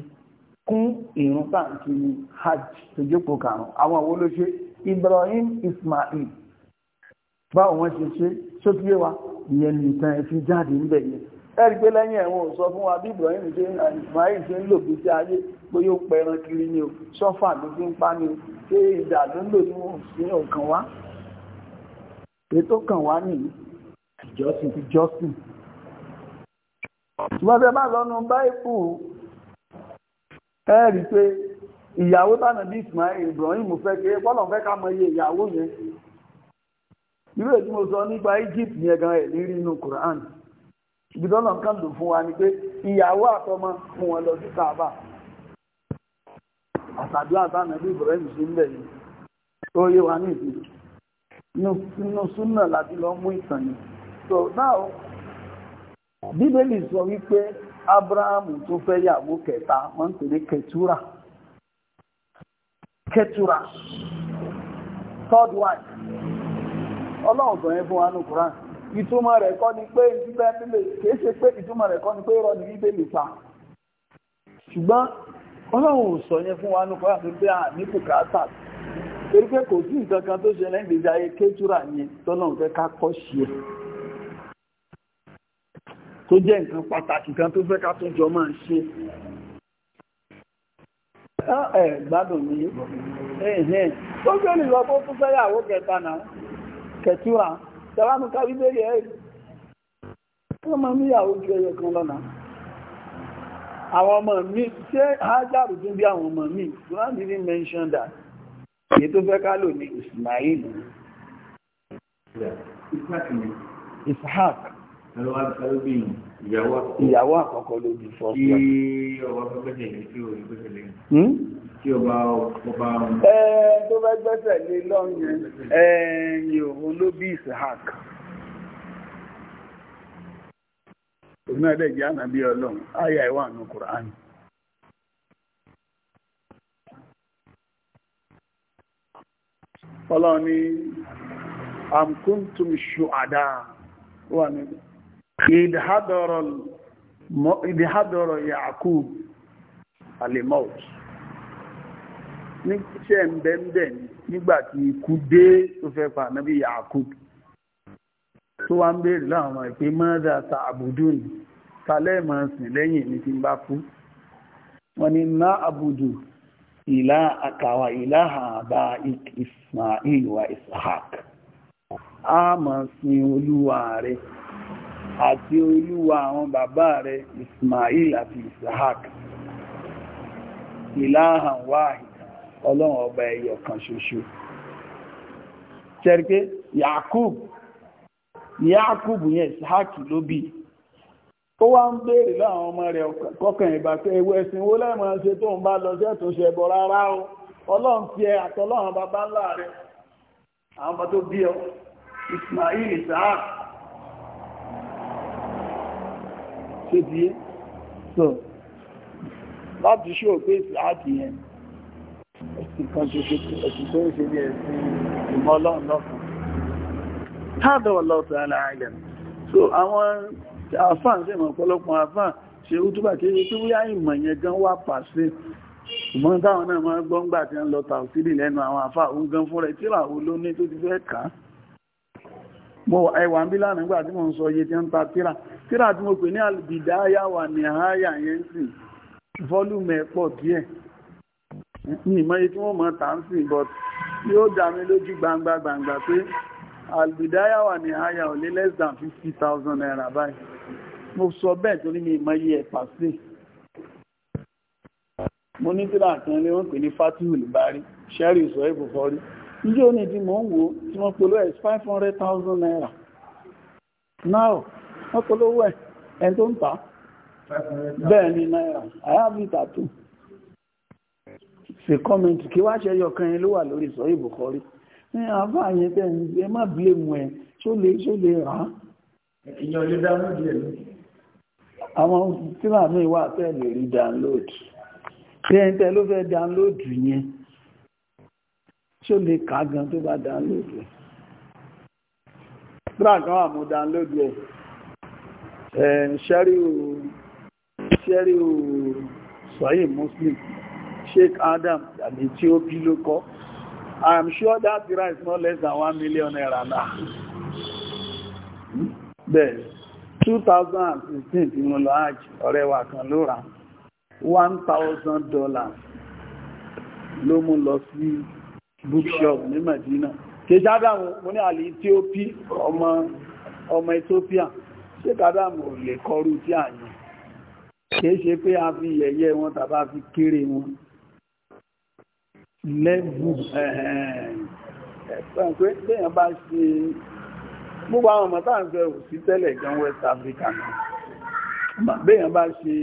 kún ìrun tàǹtì ní hajj tó jókòó karùn-ún àwọn wo ló ṣe Ibrahim Ismail báwo wọ́n ṣe ṣe sókè wa ìyẹn nìkan ẹ fi jáde níbẹ̀ yẹn ẹ̀rí pé lẹ́yìn ẹ̀wọ̀n ò sọ fún wa bí Ibrahim ṣe ń Ismail ṣe ń lò bí sí ayé pé yóò pẹran kiri ni o sọ́fà ló fi ń pa ni ṣé ìdàdúndò ni wọn ò sí ọ̀kan wá pé tó kàn wá ní ìjọsìn ìjọsìn ṣùgbọ́n tẹ́ bá lọ́nu báìbù ẹ rí pé ìyàwó tánà bí Ismail Ibrahim fẹ́ kéré pọ́lọ̀ fẹ́ ká mọ iye ìyàwó yẹn irú èdè mo sọ nípa Egypt yẹn gan ẹ̀ lérí inú Quran ibi tọ́nà kan lò fún wa ni pé ìyàwó àtọmọ fún wọn lọ sí Kaaba àtàdúrà tánà bí Ibrahim ṣe ń bẹ̀ yìí tó yé wa ní ìsìn nínú súnà láti lọ mú ìtàn so now bíbélì sọ wípé abrahamu tó fẹ́ yàwó kẹta wọ́n ń ní ketura third wife ọlọ́run sọ wa Quran ìtumọ̀ rẹ̀ kọ́ ni pé ìtumọ̀ bíbélì kìí ṣe pé ìtumọ̀ rẹ̀ kọ́ ni pé ni bíbélì pa ṣùgbọ́n ọlọ́run sọ wa pé ní torí pé kò sí nǹkan kan tó ṣẹlẹ̀ ìgbésí ayé kéjúrà yẹn tọ́nà fẹ́ ká kọ́ ṣe tó jẹ́ nǹkan pàtàkì kan tó fẹ́ ká tún jọ máa ṣe ẹ̀ gbádùn ní ẹ̀hẹ́n tó gbé nìlọ tó tún fẹ́ yàwó kẹta náà kẹtúra tẹ́lámù ká bíbélì wọ́n máa níyàwó ju ẹyọ kan lọ́nà àwọn ọmọ mi ṣé hájàrù tún bí àwọn ọmọ mi Quran didn't mention that èyí tó fẹ́ ká lò ní Ismail Ishaq ìyàwó àkọ́kọ́ ló bí fọ́ tí ọba ọba ẹ̀ẹ́ tó fẹ́ gbẹ́sẹ̀ lé lọ́yìn ẹ̀yìn òun ló bí Ishaq òun náà dẹ̀ jẹ́ ànàbí ọlọ́run áyà ìwà ànú Kùránì ọlọ́run ni amkuntum ṣùádá wà níbi ìdíhádọ́rọ̀ Yakub alimout ní ṣẹ́ ǹbẹ̀ǹbẹ̀ nígbàtí ikú dé tó fẹ́ pa náà bí Yakub tó wá ń bèèrè láwọn ìpé mọ́dá ta àbùdù ní tàlẹ́mọ̀ọ́sìn lẹ́yìn ní ti bá kú wọ́n ni ná àbùdù ìlà àkàwà ìlà àbá Ismail wa Ishaq a máa sin olúwa rẹ̀ àti olúwa àwọn bàbá rẹ̀ Ismail àti Ishaq ìlà àwà ọlọ́run ọba ẹyọ kan ṣoṣo ṣẹ́rí Yakub Yakub yẹn Ishaq ló bí ó wá ń béèrè láwọn ọmọ rẹ̀ kọkàn ìbàtẹ ewu ẹ̀sìn wo lẹ́mọ̀ ṣe tó ń bá lọ sí ẹ̀tún ṣe bọ̀ rárá o ọlọ́run ti ẹ àtọlọ́run bàbá ńlá rẹ̀ àwọn bá tó bí ọ Ismail sáà ṣe di é so láti ṣó pé ìsáàtì yẹn ẹ̀sìn kan ṣe ṣe ẹ̀sìn tó ń ṣe ní ẹ̀sìn ìmọ̀ ọlọ́run lọ́kàn. Táàdọ̀ ọlọ́ọ̀tọ̀ aláàgbẹ̀. So àwọn àfáà sí ìmọ̀ ọ̀pọ̀lọpọ̀ àfáà ṣe ó túbà kí tí wúyá ìmọ̀ yẹn gan wà pàṣẹ ìmọ̀ táwọn náà máa gbọ́ngbà tí ń lọ tàùsílì lẹ́nu àwọn àfáà òun gan fún rẹ̀ tí ràwó ló ní tó ti fẹ́ kà á mo ẹwà ń bí lánàá nígbà tí albidaya wa ní àáyà yẹn sì fọ́lùmẹ̀ pọ̀ díẹ̀ ní ìmọ̀ iye tí wọ́n albidaya wà ní àáyà ò lé less than fifty thousand naira báyìí mo sọ bẹ́ẹ̀ torí mi mọ iye ẹ̀pà sí mo ní tíra kan ní wọ́n pè ní fatihul bari sherry sọ ìbùkọ́rí níjẹ́ òní tí mò ń wò tí wọ́n polówó ẹ̀ five hundred thousand naira now wọ́n polówó ẹ̀ ẹ̀ tó ń tà bẹ́ẹ̀ ni náírà I have it at two ṣe kọ́mẹ̀ntì kí wá ṣe yọkan yẹn ló wà lórí sọ ìbùkọ́rí ní àbá yẹn tẹ́ ẹ má bílẹ̀ mu ẹ̀ ṣó lè ṣó lè rà á. ìyẹn ò lè dáná díẹ̀ àwọn tíra mi wà tẹ́ lè rí download tẹ́ntẹ́ ló fẹ́ download yẹn tí ó lè kà gan tó bá download rẹ̀ tíra kan wà mú download rẹ̀ ṣẹ́ríò muslim Sheikh Adam àti tí ó bí ló kọ́ I sure that tira is not less than one million naira now. Hmm? Bẹ́ẹ̀. 2015 tí mo lọ hajj ọ̀rẹ́ wa kan ló rà 1000 dollars ló mú lọ sí bookshop ní Medina kejì adamu mo ní àlè Ethiopia ọmọ ọmọ Ethiopia ṣé kadamu ò lè kọrú tí a yàn kìí ṣe pé a fi yẹ̀yẹ́ wọn tàbá fi kéré wọn lẹ́gbù ẹ̀ẹ̀ẹ̀ pé lèyàn bá ṣe gbogbo àwọn ọmọ táà ń fẹ́ ò sí tẹ́lẹ̀ gan West Africa náà béèyàn bá ṣe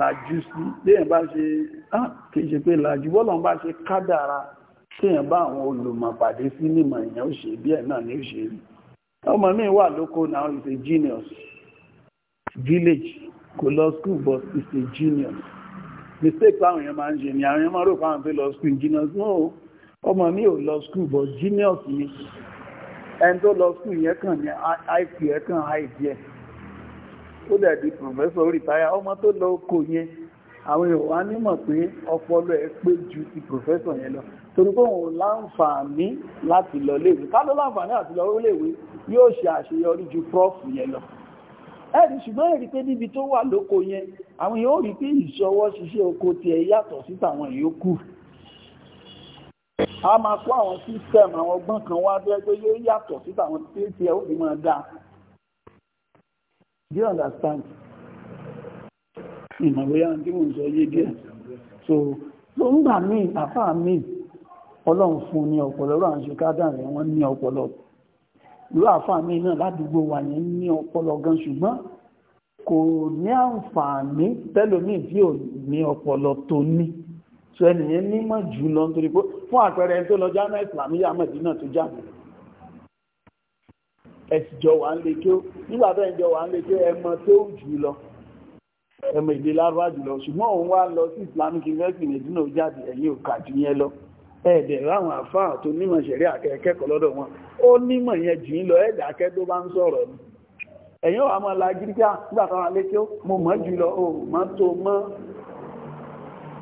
làjú sí béèyàn bá ṣe kìí ṣe pé làjú bọ́lọ̀ bá ṣe kádàrá kéèyàn bá àwọn olùmọ̀pàdé sí nímọ̀ èèyàn ó ṣe bí ẹ̀ náà ní ó ṣe rí ọmọ mi wà lóko náà is a genius village kò lọ school but is a genius mistake láwọn èèyàn máa ń ṣe ni àwọn èèyàn máa rò fáwọn fẹ́ lọ school genius náà ọmọ mi ò lọ school but genius ni ẹni tó lọ sùn yẹn kàn ní ip ẹ kàn ip ẹ ó dẹ̀ di professor rìtáyà ọmọ tó lọ oko yẹn àwọn èèyàn wá nímọ̀ pé ọpọlọ ẹ pé ju ti professor yẹn lọ torí pé òun láǹfààní láti lọ léèwé ká ló láǹfààní àti lọ léèwé yóò ṣe àṣeyọrí ju prof yẹn lọ ẹ̀rí ṣùgbọ́n ẹ̀rí pé níbi tó wà lóko yẹn àwọn èèyàn ò rí pé ìṣọwọ́ ṣiṣẹ́ oko tiẹ̀ yàtọ̀ sí tàwọn ìyókù a máa kó àwọn system àwọn ọgbọ́n kan wá tó yẹ pé yóò yàtọ̀ síta àwọn tí tí ẹ ó fi máa dáa do you understand ìmọ̀wéyà tí mò ń sọ yé díẹ̀ so ló ń gbà míì àfà míì ọlọ́run fún ní ọpọlọ lọ́rọ̀ àwọn ṣekádà rẹ̀ wọ́n ní ọpọlọ ìlú àfà míì náà ládùúgbò wà yẹn ní ọpọlọ gan ṣùgbọ́n kò ní àǹfààní tẹ́lòmíì tí ò ní ọpọlọ tó ní so ẹnìyẹn nímọ̀ jù lọ nítorí pé fún àpẹẹrẹ ẹni tó lọ jámẹ́ ìsìlámíyà mẹ́dínà tó jáde ẹ̀sì jọ wà ń lè kí ó nígbà tó ń jọ wà ń lè kí ó ẹmọ tó jù lọ ẹmọ ìdè lárúbá jù lọ ṣùgbọ́n òun wá lọ sí islamic university mẹ́dínà tó jáde ẹ̀yìn òkà jù yẹn lọ ẹ̀ẹ̀dẹ̀ ráwọn àfáà tó nímọ̀ ṣẹ̀rí akẹ́kẹ́kọ̀ọ́ lọ́dọ̀ ni ẹ̀yìn wà mọ́ la gírígà nígbà táwọn alẹ́ kí ó mo mọ̀ jù lọ ó mọ́ tó mọ́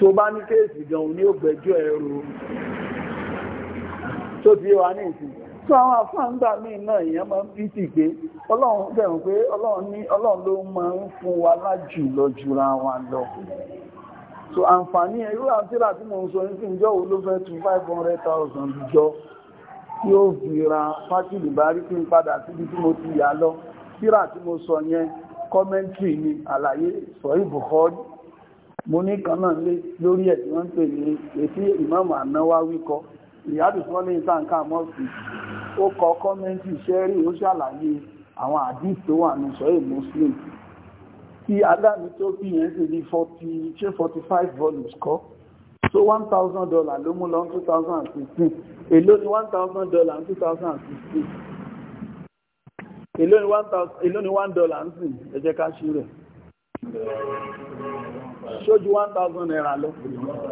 tó bá ní kéèsì gan ní ògbẹ́jọ́ ẹ̀rọ tó ti wà ní ìsìn tó àwọn àfáǹgbà míì náà èèyàn máa ń bí tì pé ọlọ́run bẹ̀rùn pé ọlọ́run ní ọlọ́run ló máa ń fún wa lájù lọ jura wa lọ so àǹfààní irú àtìrà tí mo ń sọ ní ìjọ wo ló fẹ́ tún 500,000 jọ tí ó fi ra fájìlì bá rí pín padà síbi tí mo ti yà lọ tírà tí mo sọ yẹn kọ́mẹ́ntì ni àlàyé sọ ìbùkọ́rí mo ní kan náà lórí ẹ̀ tí wọ́n ń pè ní etí ìmáàmù ànáwáwí kọ ìyáàdù tí wọ́n ní ìtànká mọ́ọ̀sì ó kọ kọ́mẹ́ntì sẹ́rí ó ṣàlàyé àwọn àdìs tó wà ní sọ́yìn muslim tí adámi tó bí yẹn ti di forty ṣé forty five volumes kọ́ so one thousand dollar ló mú lọ two thousand and sixteen èló ni one thousand dollar two thousand and sixteen èló ni one dollar ń sìn ẹ jẹ́ ká ṣí rẹ̀ ṣójú one thousand naira lọ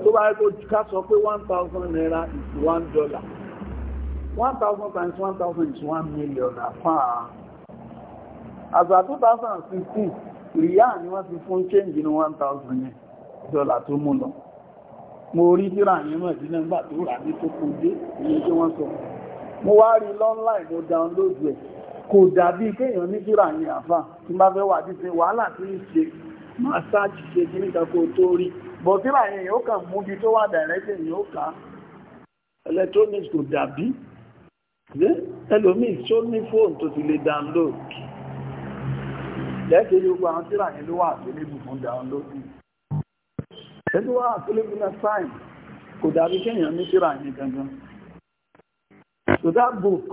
tó bá kó ká sọ pé one thousand naira is one dollar one thousand times one thousand is one million àfáà àgbà two thousand and sixteen ríyá ni wọ́n ti fún change ní one thousand yẹn dọ́là tó mú lọ mo rí tíra yẹn mọ̀ sí nígbà tó rà ní tó kún ní tí wọ́n sọ mo wá rí online mo download ẹ̀ kò dàbí kéèyàn ní tíra yẹn àfà tí bá fẹ́ wà díṣe wàhálà tí ń ṣe máa sáàjì ṣe kí ní kakó tó rí bọ̀ tí bá yẹn yóò kàn mú bí tó wà dàrẹ́tẹ̀ yóò ká electronics kò dàbí ẹlòmíì tó ní fóònù tó ti lè download lẹ́ẹ̀kẹ́ yóò gba àwọn tíra yẹn ló wà àfẹ́lébù fún download ẹni wà àfẹ́lébù náà sáìn kò dàbí kéèyàn ní tíra yẹn gangan so that book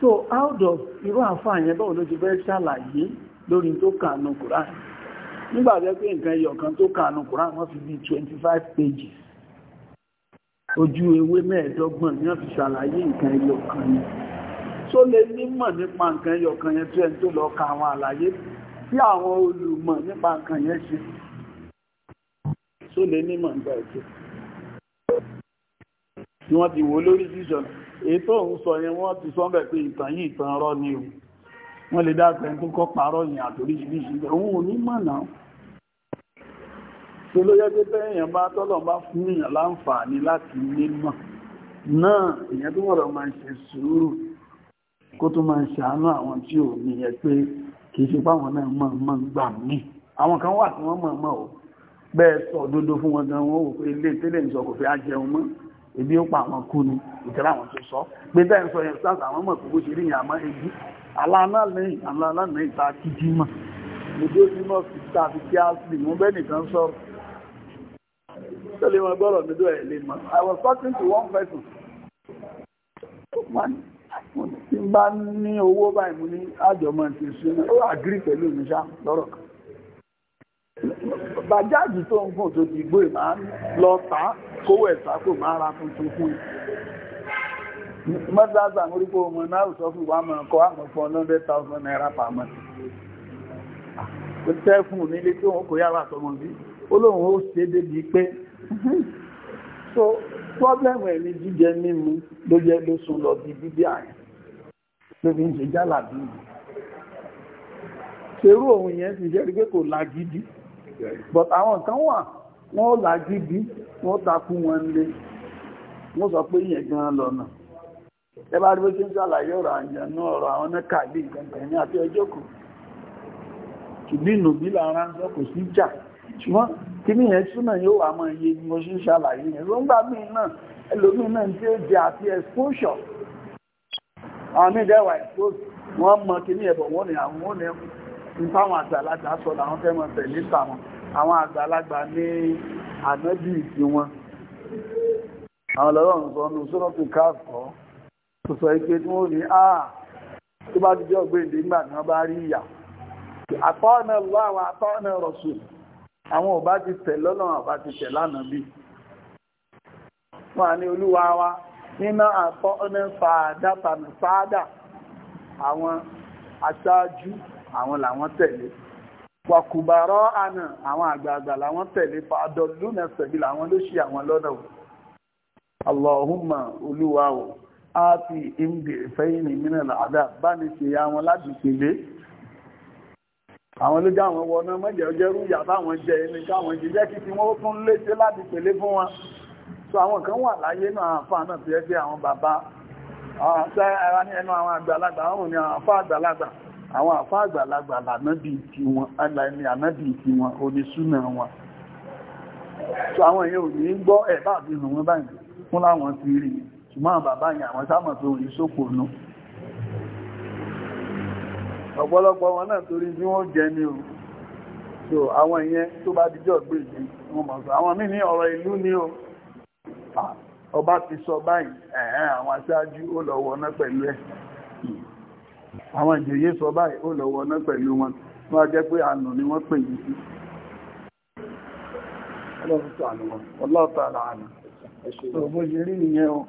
so out of irú àfáà yẹn báwo ló ti fẹ́ ṣàlàyé lórí tó kànú kùránì nígbàtẹ́ pé nǹkan ẹyọ̀kan tó kànú kùránì wọ́n fi bí 25 pages ojú ewé mẹ́ẹ̀ẹ́dọ́gbọ̀n ní wọ́n fi ṣàlàyé nǹkan ẹyọ̀kan yẹn tó lè nímọ̀ nípa nǹkan ẹyọ̀kan yẹn tó ẹni tó lọ ka àwọn àlàyé tí àwọn olùmọ̀ nípa nǹkan yẹn ṣe tó lè nímọ̀ nípa ẹ̀jẹ̀ tí wọ́n ti wò lórí sísọ èyí tó ń sọ yẹn wọ́n ti sọ bẹ̀ pé ìtàn yìí ìtàn rọ́ ni o wọ́n lè dákẹ́ tó kọ́ parọ́ yìn àtòrí ìbíṣìí òun ò ní mọ̀nà tó ló yẹ́ pé tẹ́yìn bá tọ́lọ̀ bá fún èèyàn láǹfààní láti nímọ̀ náà èèyàn tó wọ̀rọ̀ máa ń ṣe sùúrù kó tó máa ń ṣàánú àwọn tí ò ní yẹ pé kì í ṣe páwọn náà mọ̀ mọ̀ ń gbà mí àwọn kan wà tí wọ́n mọ̀ mọ̀ o bẹ́ẹ̀ sọ òdodo fún wọn gan wọn ò pé ilé tẹ́lẹ̀ ń sọ kò fẹ́ á jẹun mọ́ ebi ó pa àwọn kú ni ìtẹ́lẹ̀ àwọn tó sọ pé bẹ́ẹ̀ sọ yẹn sáà àwọn mọ̀ kókó ṣe rí yàn àmọ́ ebi alánàlẹ́yìn alánàlẹ́yìn ta kí jímọ̀ lójú jímọ̀ sí tàbí kí á sì mú bẹ́ẹ̀ nìkan sọ̀rọ̀ tẹ́lẹ̀ wọn gbọ́rọ̀ mi dúró ẹ̀ lè mọ̀ I was talking to one person tí n bá ní owó báyìí mú ní àjọmọ̀ ti súnmọ́ ó àgírí pẹ̀lú mi ṣá lọ́rọ̀ kan bàjáàjì tó ń gùn tó ti gbé máa lọ tà kówó ẹ̀sà kò máa ra fún un mọ́sáàsà múrípò ọmọ náà sọ fún wa máa kọ́ àmọ́ fún hundred thousand naira per month tẹ́ fún nílé tí wọ́n kò yára sọmọ bí olóhùn ó ṣe débi pé so problem ẹ̀ ní jíjẹ mímu ló jẹ́ ló sùn lọ bí bíbí àyàn ló fi ń ṣe jálà bí mi ṣerú òun wọ́n sọ pé yẹn gan lọ́nà ẹbá rí bó tí ń sàlàyé ọ̀rọ̀ àjẹ̀nú ọ̀rọ̀ àwọn nẹ́kà bí ìgbẹ̀gbẹ̀ ní àti ọjọ́ kù ṣùgbínú bí lára ń sọ kò sí jà ṣùgbọ́n kí ní ẹ̀ túnà yóò wà mọ́ iye bí mo ṣe ń sàlàyé yẹn ló ń gbà mí náà ẹlòmí náà tí ó jẹ àti exposure àwọn mí dẹ́wà expose wọ́n mọ kí ní ẹ̀bọ̀ wọ́n ní àwọn ó ní ń táwọn àgbàlagbà sọ làwọn fẹ́ mọ tẹ̀lé tàwọn àwọn àgbàlagbà ní ànábì ìsìn wọn àwọn kò sọ ike tí wọ́n ní áà ah, tó bá dijọ́ gbèǹde nígbà tí wọ́n bá rí ìyà àtọ́nà lọ àwọn àtọ́nà rọ̀ṣù àwọn ò bá ti tẹ̀ lọ́nà àbá ti tẹ̀ lánàá bí wọ́n á ní olúwa wa nínú àtọ́nà fàádà tàbí fàádà àwọn aṣáájú àwọn làwọn tẹ̀lé wàkùbàrọ̀ àná àwọn àgbààgbà làwọn tẹ̀lé fàádọ̀ lónà sẹ̀bí làwọn ló ṣì àwọn lọ́nà Allahumma olúwa o. áti ìmdì ìfẹ́yìnì mínàlá àdá bá ní ṣe ya wọn láti pèlé àwọn olójá àwọn wọná mọ́jẹ̀ ọjẹ́rú yàtọ̀ àwọn jẹ ẹni káwọn jẹ jẹ́ kí tí wọ́n tún léṣe láti pèlé fún wọn so àwọn kan wà láyé náà àfáà náà fi ẹgbẹ́ àwọn bàbá ṣe ara ní ẹnu àwọn àgbàlagbà àwọn ni àfáà àgbàlagbà àwọn àfáà àgbàlagbà lànábì ti wọn ẹni ànábì ti wọn oníṣúná wọn so àwọn èèyàn ò ní gbọ́ ẹ̀ bá àfihàn wọn báyìí fún láwọn ti rí ṣùgbọ́n bàbá yẹn àwọn sáàmà tó rí sópò nú ọ̀pọ̀lọpọ̀ wọn náà torí bí wọ́n jẹ ní o so àwọn ìyẹn tó bá dijọ́ gbé ìdí wọn mọ̀ sọ àwọn míì ní ọ̀rọ̀ ìlú ní o ọba ti sọ báyìí ẹ̀ẹ́ àwọn aṣáájú ó lọ wọná pẹ̀lú ẹ̀ àwọn ìjòyè sọ báyìí ó lọ wọná pẹ̀lú wọn wọ́n jẹ́ pé ànà ni wọ́n pè yìí sí ọlọ́run tó àná wọn ọlọ́ọ̀tà àná ẹ̀ṣẹ̀ tó bó ṣe rí nìyẹn o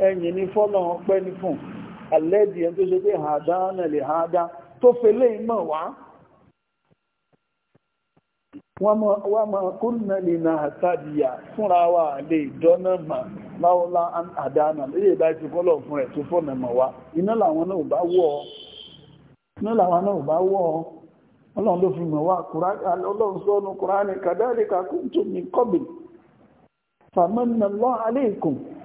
ẹ̀yìn ní fọ́lọ̀ ọpẹ́ ní fún alẹ́dì ẹni tó ṣe pé ha tó fẹ́lẹ̀ ìmọ̀ wá wọ́n mọ̀ kúrùnà lè na àtàdìyà fúnra wa lè dọ́nà mà láwọ́lá àdáànà lè ti fọ́lọ̀ fún ẹ̀ tó fọ́nà mọ̀ wá iná làwọn náà bá wọ̀ ọlọ́run ló fi mọ̀ wá ọlọ́run kùránì kàdáríkà kúntùmí kọ́bìn fàmọ́nà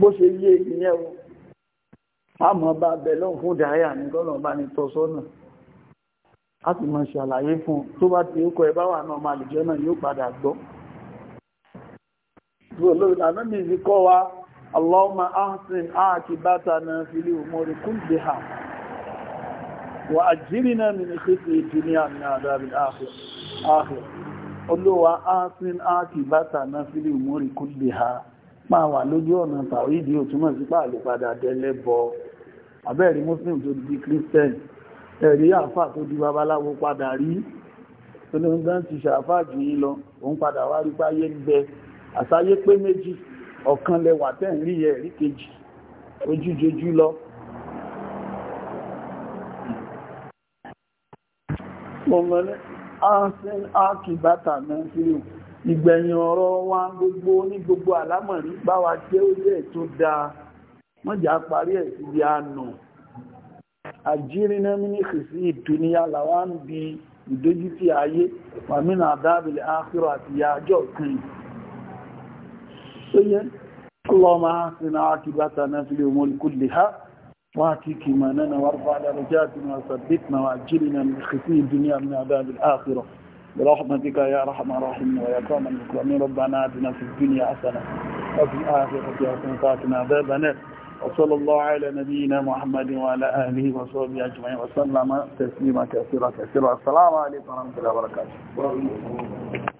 bó ṣe yé ìyẹn o àmọ́ bá bẹ̀ lọ́n fún dáyà ní gọ́nà bá ní tọ́ sọ́nà a sì máa ṣàlàyé fún tó bá ti kọ ẹ bá wà náà máa lùjọ́ náà yóò padà gbọ́ Ànábì fi kọ́ wa Allahumma ahsin aqibatana fil umuri kulliha wa ajirina pa wà lójú ọ̀nà tàwídìí ò túmọ̀ sí pààlè padà dẹ́lẹ́ bọ abẹ́ẹ̀rí muslim tó di christian ẹ̀rí àfà tó di babaláwo padà rí olóńgbọ́n ti ṣàfà jù yí lọ òun padà wá rí páyé ń bẹ àsáyé pé méjì ọ̀kan lẹwà tẹ́ ń rí ẹ̀rí kejì ojújojú lọ Mọ̀mọ́lẹ́, Ansin Akibata náà sílùú ìgbẹ̀yìn ọ̀rọ̀ wa gbogbo ní gbogbo àlámọ̀rí bá wa jẹ́ ó jẹ́ tó dáa mọ́jà parí ẹ̀ síbi àánú àjírínà mínísì sí ìdúníyà làwa ń bi ìdójútì ayé wàmínà àdábìlẹ̀ áfírò àti ìyà ọjọ́ kan sóyẹ اللهم أحسن عاقبتنا في الأمور كلها واعتك ما لنا وارفع درجاتنا وثبتنا وأجلنا من خزي الدنيا من عذاب الآخرة برحمتك يا ارحم الراحمين ويا كرم المكرمين ربنا اتنا في الدنيا حسنه وفي الاخره حسنه وقنا عذاب النار وصلى الله على نبينا محمد وعلى اله وصحبه اجمعين وسلم تسليما كثيرا كثيرا السلام عليكم ورحمه الله وبركاته